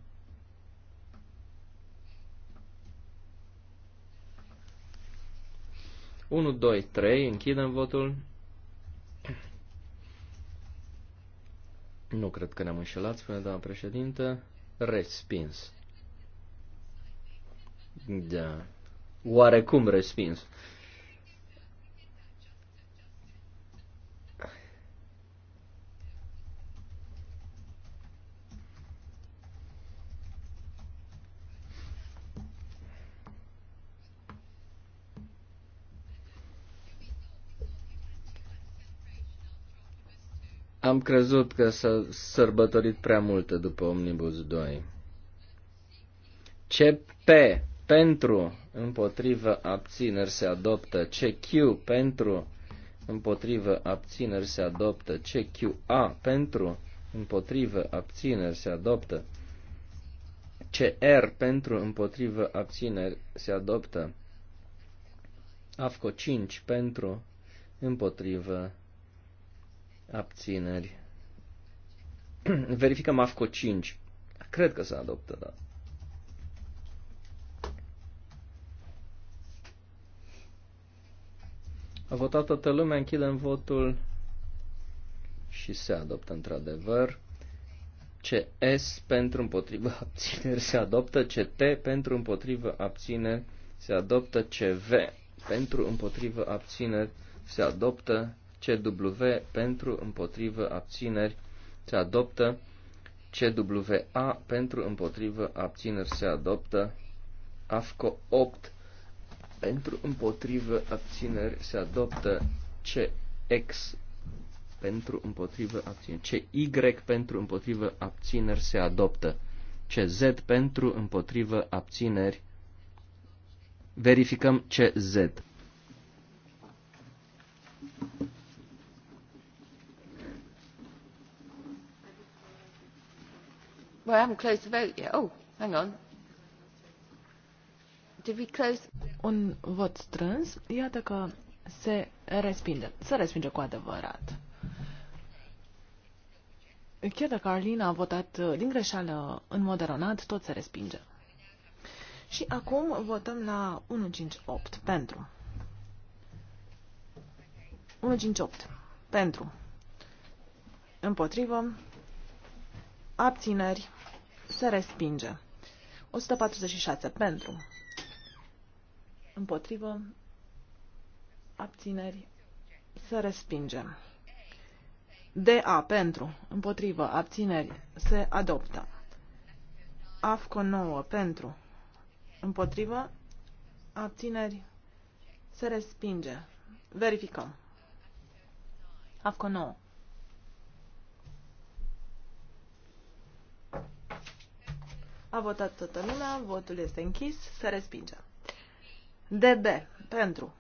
S4: Unu, doi, trei, închidem votul. Nu cred că ne-am înșelat, spune doamna președinte. Respins. Da. Oarecum respins. Am crezut că s-a sărbătorit prea multă după Omnibus 2. p pentru împotrivă abțineri se adoptă. q pentru împotrivă abțineri se adoptă. a pentru împotrivă abțineri se adoptă. r pentru împotrivă abțineri se adoptă. AFCO 5 pentru împotrivă abțineri. Verificăm AFCO 5. Cred că se adoptă, da. A votat toată lumea, închidem votul și se adoptă într-adevăr. CS pentru împotrivă abțineri se adoptă, CT pentru împotrivă abțineri se adoptă, CV pentru împotrivă abțineri se adoptă, CW pentru împotrivă abțineri se adoptă, CWA pentru împotrivă abțineri se adoptă, AFCO 8 pentru împotrivă abțineri se adoptă, CX pentru împotrivă abțineri, CY pentru împotrivă abțineri se adoptă, CZ pentru împotrivă abțineri verificăm CZ.
S1: haven't closed the vote yet. Oh, hang on. Did we close?
S5: Un vot strâns. Iată că se respinge. Se respinge cu adevărat. Chiar dacă Arlina a votat uh, din greșeală în mod eronat, tot se respinge. Și acum votăm la 158 pentru. 158 pentru. Împotrivă. Abțineri se respinge. 146 pentru, împotrivă, abțineri, se respinge. DA pentru, împotrivă, abțineri, se adoptă. AFCO 9 pentru, împotrivă, abțineri, se respinge. Verificăm. AFCO 9. A votat toată lumea, votul este închis, se respinge. DB. Pentru.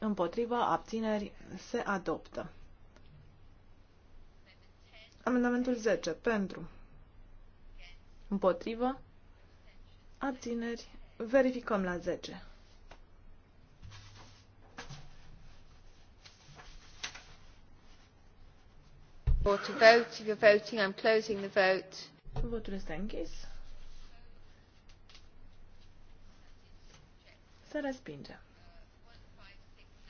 S5: Împotriva abțineri se adoptă. Amendamentul 10. Pentru. Împotrivă. Abțineri. Verificăm la 10.
S1: Or to vote, I'm closing the vote. Votul este închis
S5: Se respinge.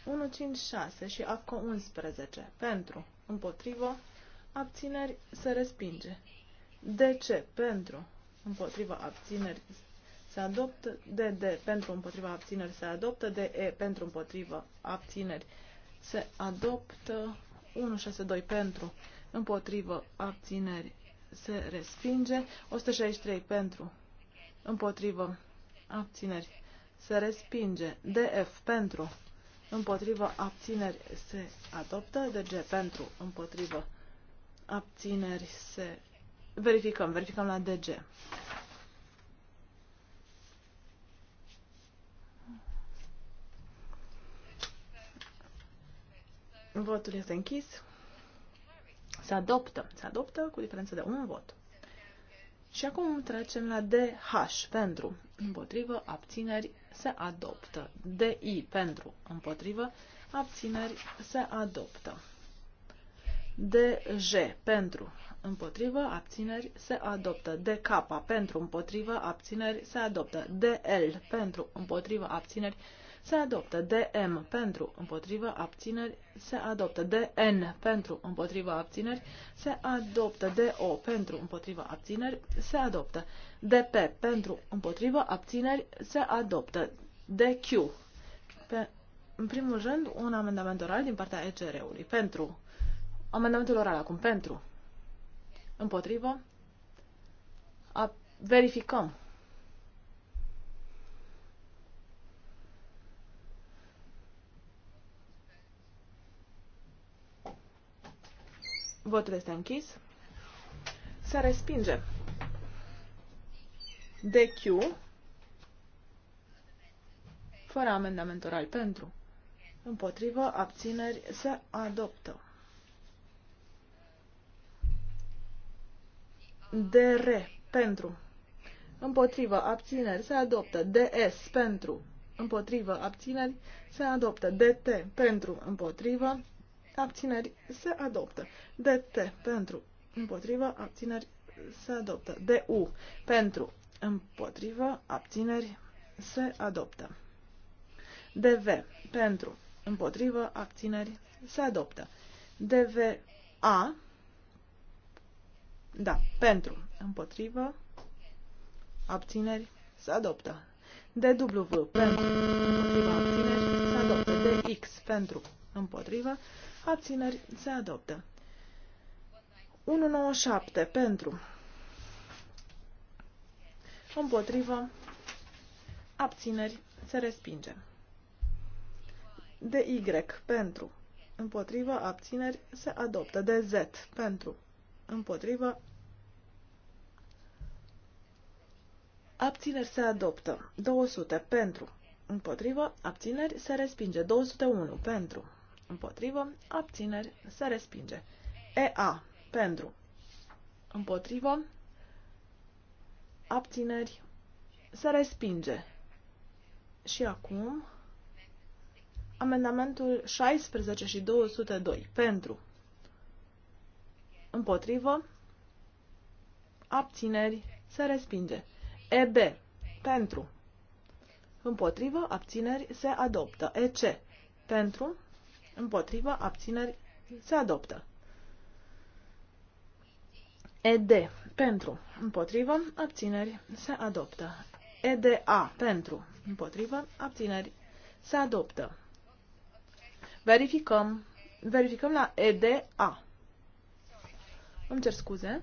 S5: 1, 5, 6 și ACO 11. Pentru. Împotrivă. Abțineri. Se respinge. De ce? Pentru. împotrivă, abțineri se adoptă. De, de, Pentru. Împotriva abțineri se adoptă. DE. e, Pentru. împotrivă, abțineri se adoptă. 1, 6, 2, pentru, împotrivă, abțineri, se respinge. 163 pentru, împotrivă, abțineri, se respinge. DF pentru împotrivă abțineri se adoptă. DG pentru împotrivă abțineri se... Verificăm, verificăm la DG. Votul este închis. Se adoptă. Se adoptă cu diferență de un vot. Și acum trecem la DH pentru împotrivă, abțineri se adoptă. DI pentru împotrivă, abțineri se adoptă. DJ pentru împotrivă, abțineri se adoptă. DK pentru împotrivă, abțineri se adoptă. DL pentru împotrivă, abțineri se adoptă se adoptă. DM pentru împotrivă abțineri se adoptă. DN pentru împotrivă abțineri se adoptă. DO pentru împotrivă abțineri se adoptă. DP pentru împotrivă abțineri se adoptă. DQ. Pe, în primul rând, un amendament oral din partea ECR-ului. Pentru. Amendamentul oral acum. Pentru. Împotrivă. A, verificăm. Votul este închis. Se respinge. DQ fără amendament oral pentru. Împotrivă, abțineri, se adoptă. DR pentru. Împotrivă, abțineri, se adoptă. DS pentru. Împotrivă, abțineri, se adoptă. DT pentru. Împotrivă, abțineri, se adoptă. de t pentru, împotrivă, abțineri, se adoptă. de u pentru, împotrivă, abțineri, se adoptă. de v pentru, împotrivă, abțineri, se adoptă. de v a da, pentru, împotrivă, abțineri, se adoptă. de w pentru, împotriva, abțineri, se adoptă. de x pentru, împotrivă, abțineri, se adoptă. 197 pentru, împotrivă, abțineri, se respinge. De Y pentru, împotrivă, abțineri, se adoptă. De Z pentru, împotrivă, Abțineri se adoptă. 200 pentru. Împotrivă. Abțineri se respinge. 201 pentru împotrivă, abțineri, se respinge. EA, pentru, împotrivă, abțineri, se respinge. Și acum, amendamentul 16 și 202, pentru, împotrivă, abțineri, se respinge. EB, pentru, împotrivă, abțineri, se adoptă. EC, pentru, împotrivă, abțineri, se adoptă. ED, pentru, împotrivă, abțineri, se adoptă. EDA, pentru, împotrivă, abțineri, se adoptă. Verificăm, verificăm la EDA. Îmi cer scuze.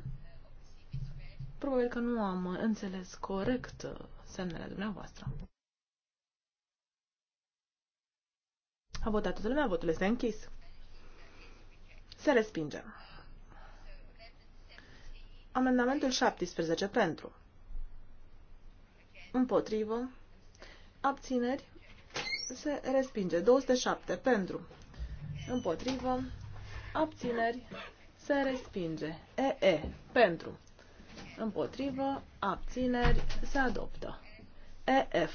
S5: Probabil că nu am înțeles corect uh, semnele dumneavoastră. A votat toată lumea, votul este închis. Se respinge. Amendamentul 17 pentru. Împotrivă. Abțineri. Se respinge. 207 pentru. Împotrivă. Abțineri. Se respinge. EE. Pentru. Împotrivă. Abțineri. Se adoptă. EF.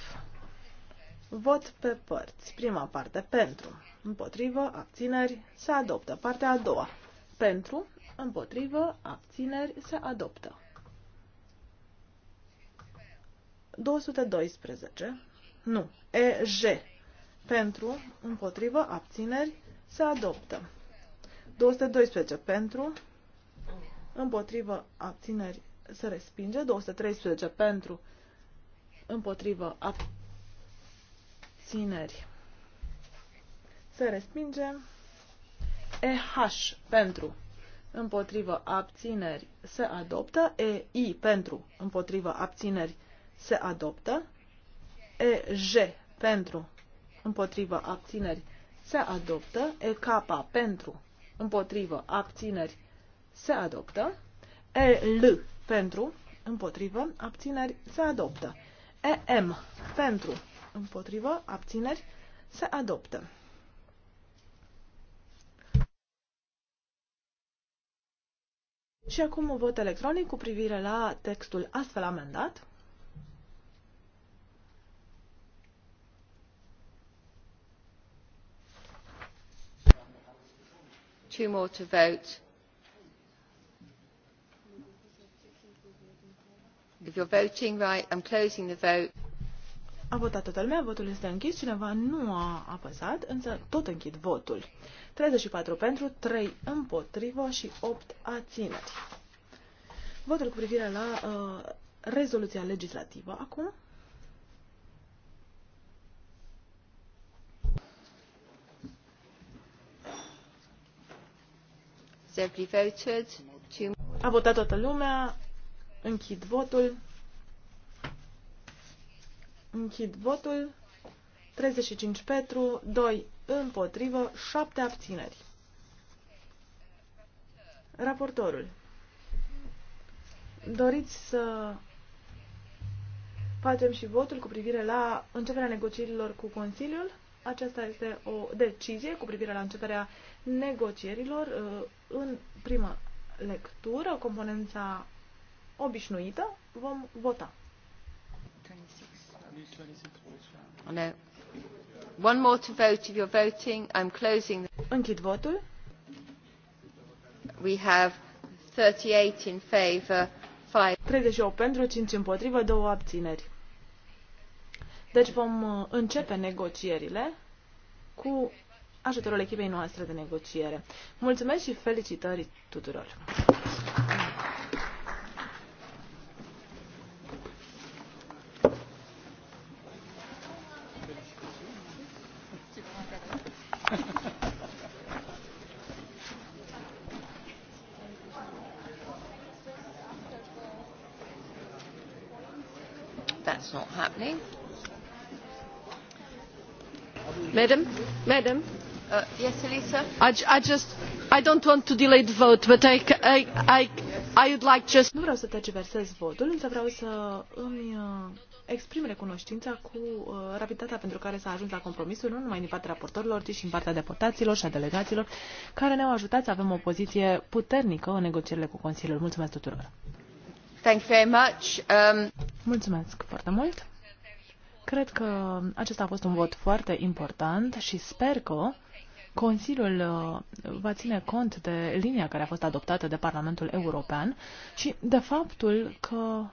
S5: Vot pe părți. Prima parte pentru, împotrivă, abțineri, se adoptă. Partea a doua. Pentru, împotrivă, abțineri, se adoptă. 212. Nu. EJ. Pentru, împotrivă, abțineri, se adoptă. 212. Pentru, împotrivă, abțineri, se respinge. 213. Pentru, împotrivă, abțineri abțineri. Se respinge. EH pentru împotrivă abțineri se adoptă. EI pentru împotrivă abțineri se adoptă. EJ pentru împotrivă abțineri se adoptă. EK pentru împotrivă abțineri se adoptă. EL pentru împotrivă abțineri se adoptă. EM pentru împotrivă, abțineri, se adoptă. Și acum vot electronic cu privire la textul astfel amendat.
S1: Two more to vote. If
S5: you're voting right, I'm closing the vote. A votat toată lumea, votul este închis, cineva nu a apăsat, însă tot închid votul. 34 pentru, 3 împotrivă și 8 ațineri. Votul cu privire la uh, rezoluția legislativă acum. A votat toată lumea, închid votul. Închid votul. 35 pentru, 2 împotrivă, 7 abțineri. Raportorul. Doriți să facem și votul cu privire la începerea negocierilor cu Consiliul? Aceasta este o decizie cu privire la începerea negocierilor uh, în primă lectură, componența obișnuită, vom vota. No.
S1: One more to vote if you're voting. Închid votul. We have 38 in favor, 5. 38 pentru, 5
S5: împotrivă, 2 abțineri. Deci vom uh, începe negocierile cu ajutorul echipei noastre de negociere. Mulțumesc și felicitări tuturor! Madam?
S1: Uh, yes, Elisa?
S5: I just, I don't want to delay the vote, but I, I, I, I would like just... Nu vreau să tergiversez votul, însă vreau să îmi uh, exprim recunoștința cu uh, rapiditatea pentru care s-a ajuns la compromisul, nu numai din partea raportorilor, ci și în partea deputaților și a delegaților, care ne-au ajutat să avem o poziție puternică în negocierile cu Consiliul. Mulțumesc tuturor! Thank you very much. Um... Mulțumesc foarte mult! Cred că acesta a fost un vot foarte important și sper că Consiliul uh, va ține cont de linia care a fost adoptată de Parlamentul European și de faptul că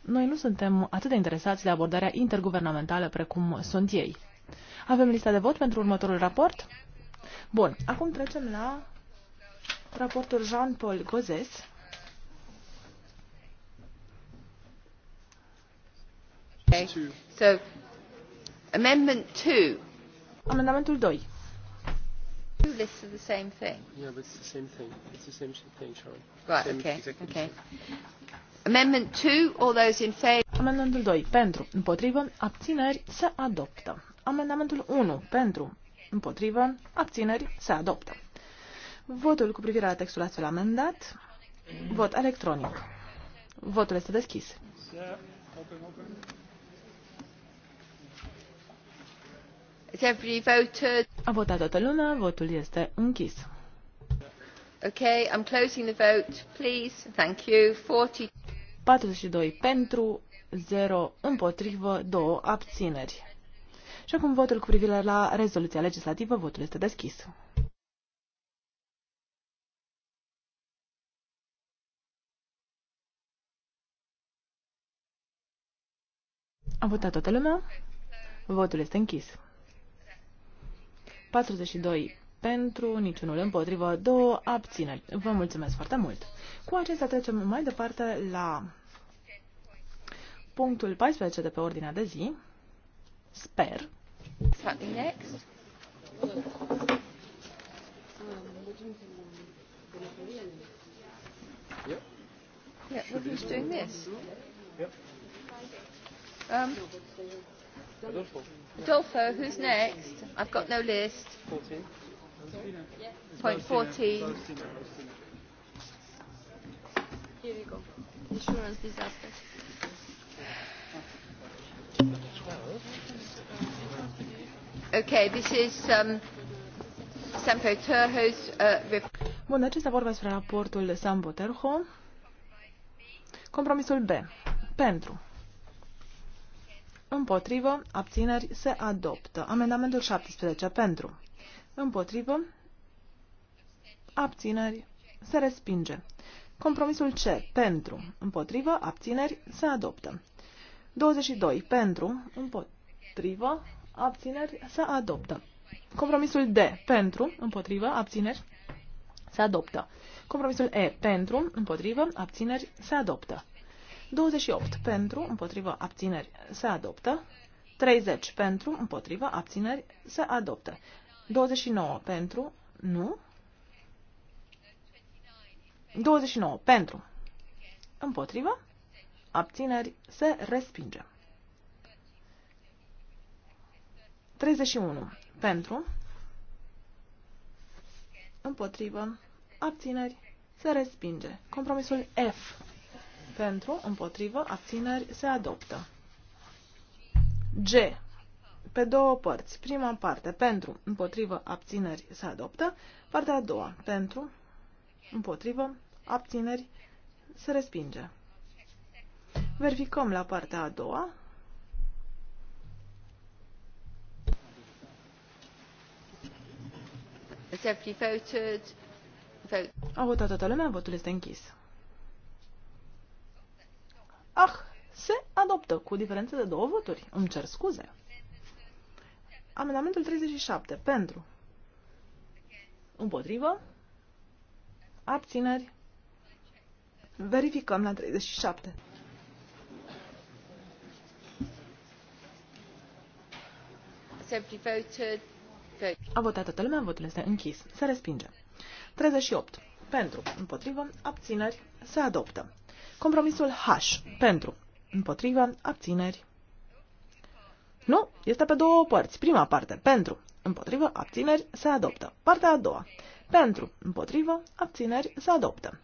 S5: noi nu suntem atât de interesați de abordarea interguvernamentală precum sunt ei. Avem lista de vot pentru următorul raport? Bun, acum trecem la raportul Jean-Paul Gozes. Amendamentul
S1: 2. Exact
S5: Amendamentul 2. Pentru, împotrivă, abțineri, se adoptă. Amendamentul 1. Pentru, împotrivă, abțineri, se adoptă. Votul cu privire la textul astfel amendat. Vot electronic. Votul este deschis.
S1: A votat toată lumea, votul este închis.
S5: Okay, I'm closing the vote, please. Thank you. 42 pentru, 0 împotrivă, 2 abțineri. Și acum votul cu privire la rezoluția legislativă, votul este deschis. A votat toată lumea? Votul este închis. 42 pentru, niciunul împotrivă, două abțineri. Vă mulțumesc foarte mult! Cu acestea trecem mai departe la punctul 14 de pe ordinea de zi. Sper.
S3: Yeah, we're just doing this. Yep. Um, Adolfo. who's
S1: next? I've got no list.
S3: 14. Point 14. Here we go. Insurance disaster.
S1: Okay, this is um, Sampo Terho's uh, report.
S5: Bun, acesta vorba despre raportul Sambo Terho. Compromisul B. Pentru. Împotrivă. Abțineri. Se adoptă. Amendamentul 17. Pentru. Împotrivă. Abțineri. Se respinge. Compromisul C. Pentru. Împotrivă. Abțineri. Se adoptă. 22. Pentru. Împotrivă. Abțineri. Se adoptă. Compromisul D. Pentru. Împotrivă. Abțineri. Se adoptă. Compromisul E. Pentru. Împotrivă. Abțineri. Se adoptă. 28 pentru, împotrivă, abțineri, se adoptă. 30 pentru, împotrivă, abțineri, se adoptă. 29 pentru, nu. 29 pentru, împotrivă, abțineri, se respinge. 31 pentru, împotrivă, abțineri, se respinge. Compromisul F pentru, împotrivă, abțineri, se adoptă. G. Pe două părți. Prima parte, pentru, împotrivă, abțineri, se adoptă. Partea a doua, pentru, împotrivă, abțineri, se respinge. Verificăm la partea a doua. A votat toată lumea, votul este închis. Ah, se adoptă cu diferență de două voturi. Îmi cer scuze. Amendamentul 37. Pentru. Împotrivă. Abțineri. Verificăm la 37. A votat toată lumea, votul este închis. Se respinge. 38. Pentru, împotrivă, abțineri, se adoptă. Compromisul H. Pentru. Împotrivă. Abțineri. Nu, este pe două părți. Prima parte. Pentru. Împotrivă. Abțineri. Se adoptă. Partea a doua. Pentru. Împotrivă. Abțineri. Se adoptă.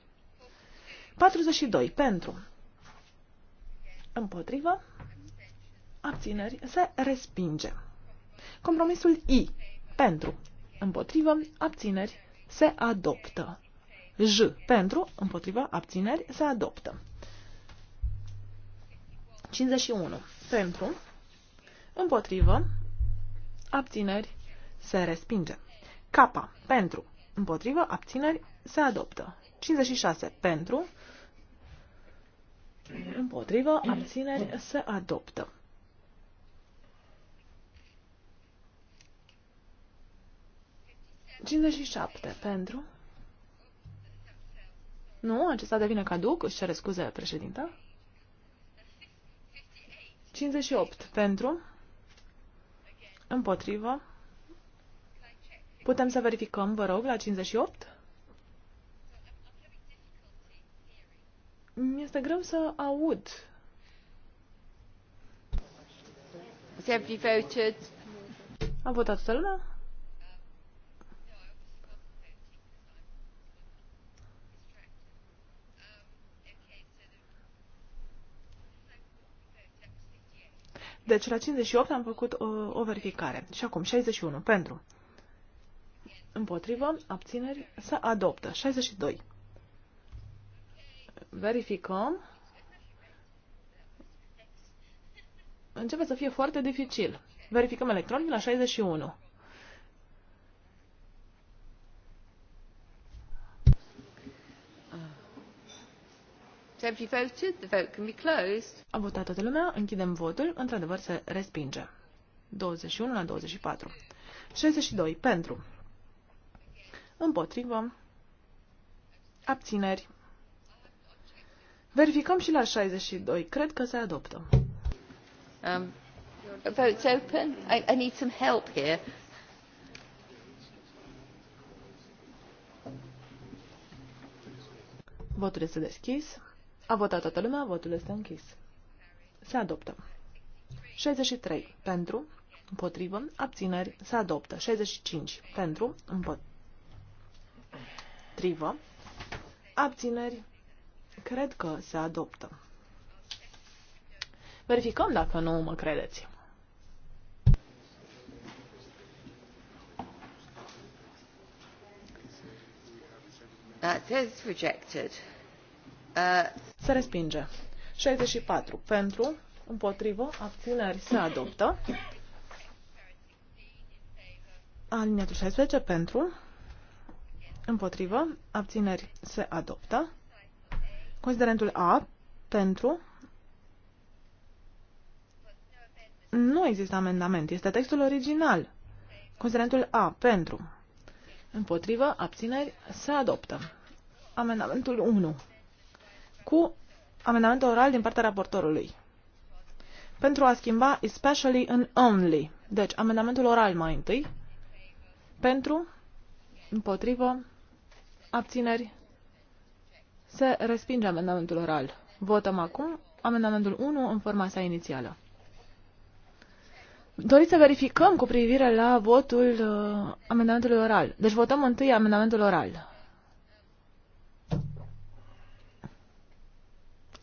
S5: 42. Pentru. Împotrivă. Abțineri. Se respinge. Compromisul I. Pentru. Împotrivă. Abțineri. Se adoptă. J. Pentru. Împotrivă. Abțineri. Se adoptă. 51. Pentru, împotrivă, abțineri, se respinge. K. Pentru, împotrivă, abțineri, se adoptă. 56. Pentru, împotrivă, abțineri, se adoptă. 57 șapte pentru. Nu, acesta devine caduc, își cere scuze președinta. 58 pentru, împotrivă. Putem să verificăm, vă rog, la 58? Mi-este greu să aud.
S3: Has fi făcut.
S5: A votat toată lumea? Deci la 58 am făcut o, uh, o verificare. Și acum 61 pentru. Împotrivă, abțineri, să adoptă. 62. Verificăm. Începe să fie foarte dificil. Verificăm electronic la 61. A votat toată lumea, închidem votul, într-adevăr se respinge. 21 la 24. 62. Pentru. Împotrivă. Abțineri. Verificăm și la 62. Cred că se adoptă. Um, vote's open. I, I need some help here. Votul este deschis. A votat toată lumea, votul este închis. Se adoptă. 63. Pentru, împotrivă, abțineri, se adoptă. 65. Pentru, împotrivă, abțineri, cred că se adoptă. Verificăm dacă nu mă credeți. That is rejected. Uh, se respinge. 64 pentru, împotrivă, abțineri se adoptă. Aliniatul 16 pentru, împotrivă, abțineri se adoptă. Considerentul A pentru. Nu există amendament, este textul original. Considerentul A pentru. Împotrivă, abțineri se adoptă. Amendamentul 1 cu amendamentul oral din partea raportorului. Pentru a schimba especially în only. Deci, amendamentul oral mai întâi. Pentru, împotrivă, abțineri, se respinge amendamentul oral. Votăm acum amendamentul 1 în forma sa inițială. Doriți să verificăm cu privire la votul uh, amendamentului oral. Deci votăm întâi amendamentul oral.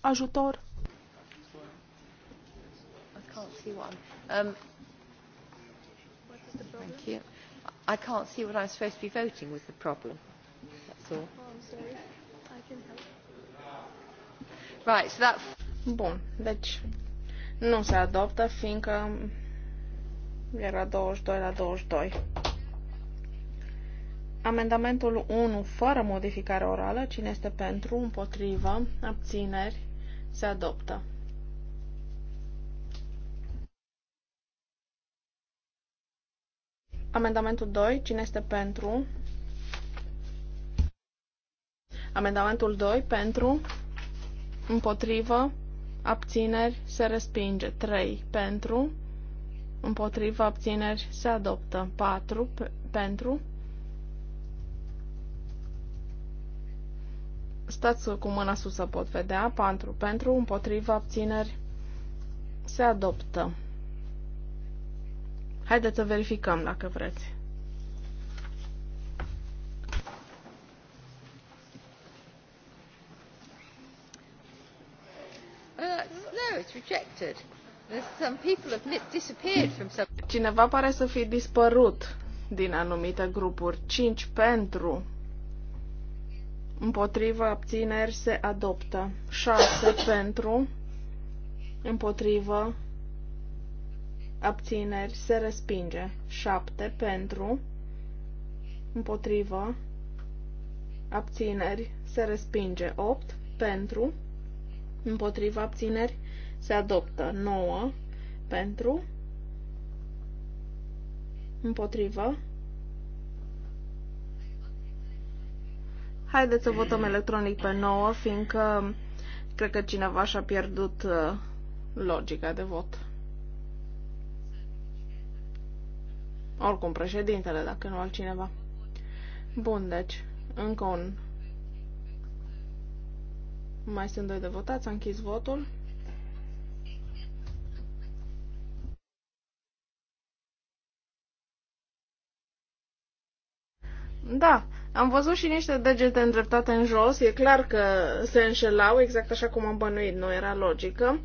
S5: ajutor?
S1: Um, thank you. I can't see what I'm supposed to be voting with. the problem. That's all. Oh,
S3: I'm sorry. I can help. Right, so that...
S2: Bun, deci nu se adoptă fiindcă era 22 la 22. Amendamentul 1 fără modificare orală. Cine este pentru, împotrivă, abțineri, se adoptă. Amendamentul 2. Cine este pentru? Amendamentul 2. Pentru. Împotrivă. Abțineri. Se respinge. 3. Pentru. Împotrivă. Abțineri. Se adoptă. 4. Pentru. stați cu mâna sus să pot vedea, pentru, pentru, împotriva, abțineri, se adoptă. Haideți să verificăm dacă vreți.
S1: Uh, Cineva pare
S2: să fi dispărut din anumite grupuri. 5 pentru, împotriva abțineri se adoptă. 6 pentru, împotriva abțineri se respinge. 7 pentru, împotriva abțineri se respinge. 8 pentru, împotriva abțineri se adoptă. 9 pentru, împotriva Haideți să votăm electronic pe 9, fiindcă cred că cineva și-a pierdut uh, logica de vot. Oricum, președintele, dacă nu altcineva. Bun, deci, încă un... Mai sunt doi de votați, am închis votul. Da, am văzut și niște degete îndreptate în jos, e clar că se înșelau, exact așa cum am bănuit, nu era logică.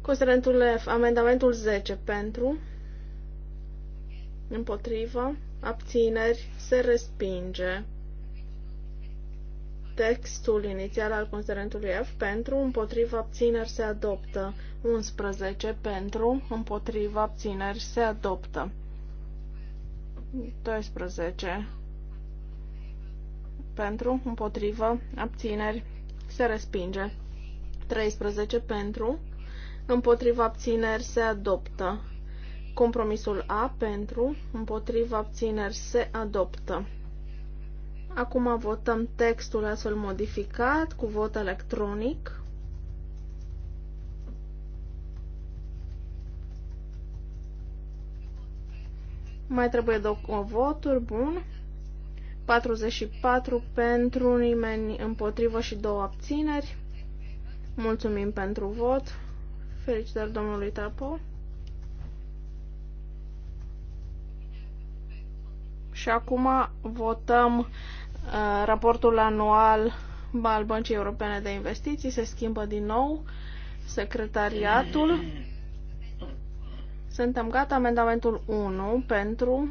S2: Considerentul F, amendamentul 10 pentru, împotrivă, abțineri, se respinge. Textul inițial al considerentului F pentru, împotrivă, abțineri, se adoptă. 11 pentru, împotrivă, abțineri, se adoptă. 12 pentru, împotrivă, abțineri, se respinge. 13 pentru, împotriva abțineri, se adoptă. Compromisul A pentru, împotriva abțineri, se adoptă. Acum votăm textul astfel modificat cu vot electronic. Mai trebuie două voturi, bun. 44 pentru, nimeni împotrivă și două abțineri. Mulțumim pentru vot. Felicitări domnului Tapo. Și acum votăm uh, raportul anual al Băncii Europene de Investiții. Se schimbă din nou secretariatul. Suntem gata. Amendamentul 1 pentru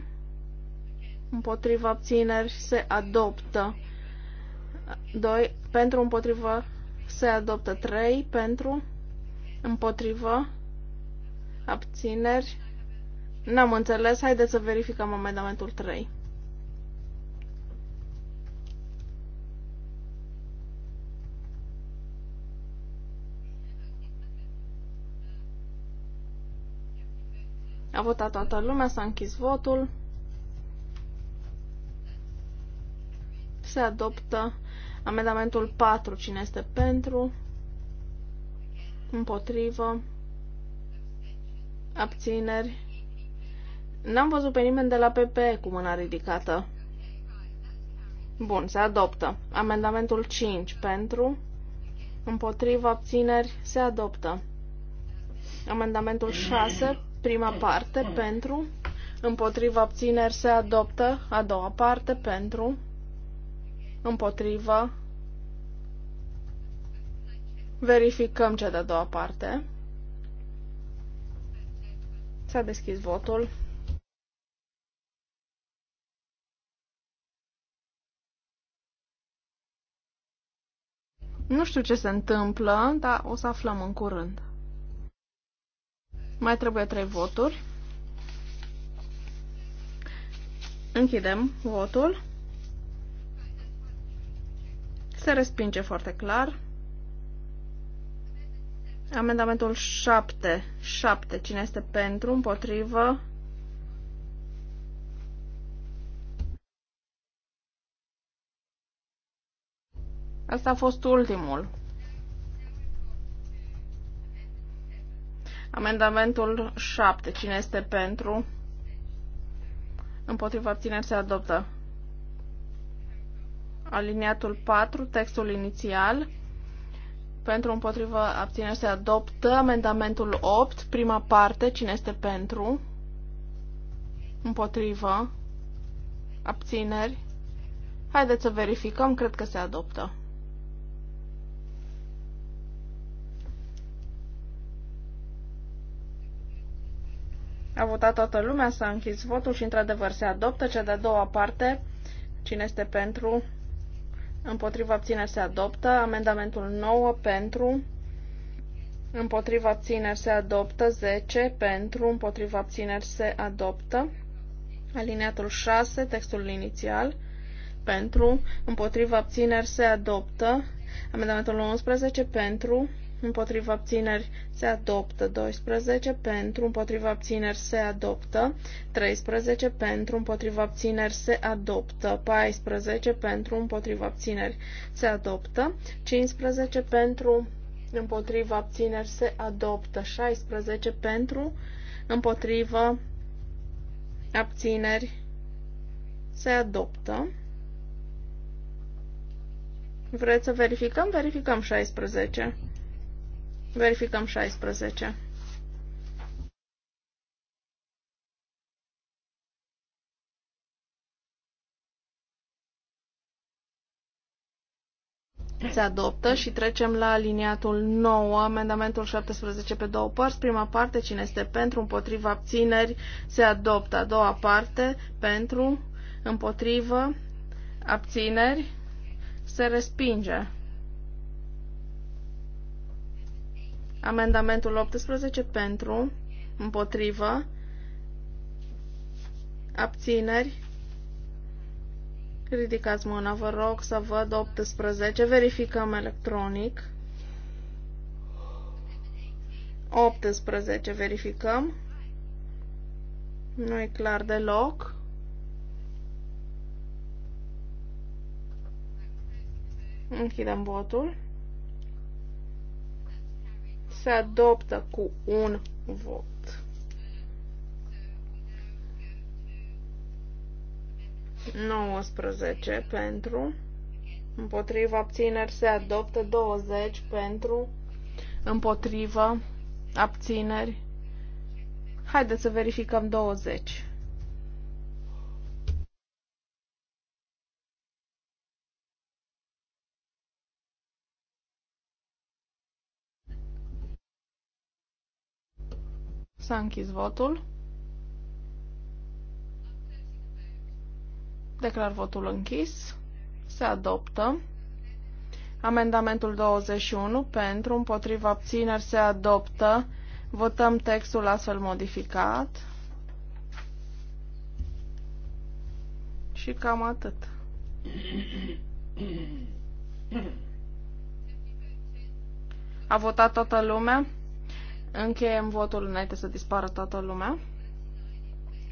S2: împotriva obțineri se adoptă. 2 pentru împotrivă se adoptă. 3 pentru împotrivă abțineri. N-am înțeles. Haideți să verificăm amendamentul 3. A votat toată lumea, s-a închis votul. Se adoptă amendamentul 4. Cine este pentru? Împotrivă? Abțineri? N-am văzut pe nimeni de la PP cu mâna ridicată. Bun, se adoptă. Amendamentul 5. Pentru? Împotrivă? Abțineri? Se adoptă. Amendamentul 6. Prima parte. Pentru? Împotrivă? Abțineri? Se adoptă. A doua parte. Pentru? împotrivă, verificăm cea de-a doua parte. S-a deschis votul. Nu știu ce se întâmplă, dar o să aflăm în curând. Mai trebuie trei voturi. Închidem votul. Se respinge foarte clar. Amendamentul 7. 7. Cine este pentru? Împotrivă? Asta a fost ultimul. Amendamentul 7. Cine este pentru? Împotriva abțineri se adoptă. Aliniatul 4, textul inițial. Pentru împotrivă abține se adoptă. Amendamentul 8, prima parte. Cine este pentru? Împotrivă. Abțineri. Haideți să verificăm. Cred că se adoptă. A votat toată lumea, s-a închis votul și într-adevăr se adoptă cea de-a doua parte. Cine este pentru? Împotriva abțineri se adoptă. Amendamentul 9 pentru. Împotriva abțineri se adoptă. 10 pentru. Împotriva abțineri se adoptă. Alineatul 6, textul inițial. Pentru. Împotriva abțineri se adoptă. Amendamentul 11 pentru împotriva abțineri se adoptă 12, pentru împotriva abțineri se adoptă 13, pentru împotriva abțineri se adoptă 14, pentru împotriva abțineri se adoptă 15, pentru împotriva abțineri se adoptă 16, pentru împotriva abțineri se adoptă. Vreți să verificăm? Verificăm 16. Verificăm
S1: 16.
S2: Se adoptă și trecem la aliniatul 9, amendamentul 17 pe două părți. Prima parte, cine este pentru, împotriva, abțineri, se adoptă. A doua parte, pentru, împotrivă, abțineri, se respinge. Amendamentul 18 pentru, împotrivă, abțineri. Ridicați mâna, vă rog să văd 18. Verificăm electronic. 18 verificăm. Nu e clar deloc. Închidem votul se adoptă cu un vot. Nouăsprezece pentru, împotriva abțineri se adoptă 20 pentru, împotriva abțineri. Haideți să verificăm 20. S-a închis votul. Declar votul închis. Se adoptă. Amendamentul 21 pentru, împotriva abțineri se adoptă. Votăm textul astfel modificat. Și cam atât. A votat toată lumea? Încheiem votul înainte să dispară toată lumea.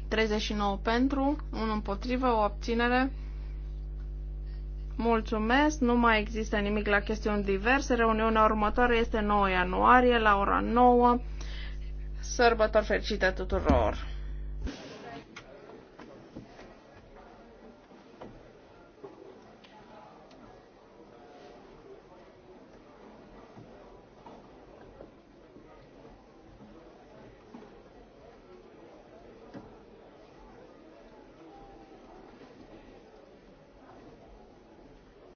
S2: 39 pentru, 1 împotrivă, o abținere. Mulțumesc, nu mai există nimic la chestiuni diverse. Reuniunea următoare este 9 ianuarie la ora 9. Sărbători fericite tuturor!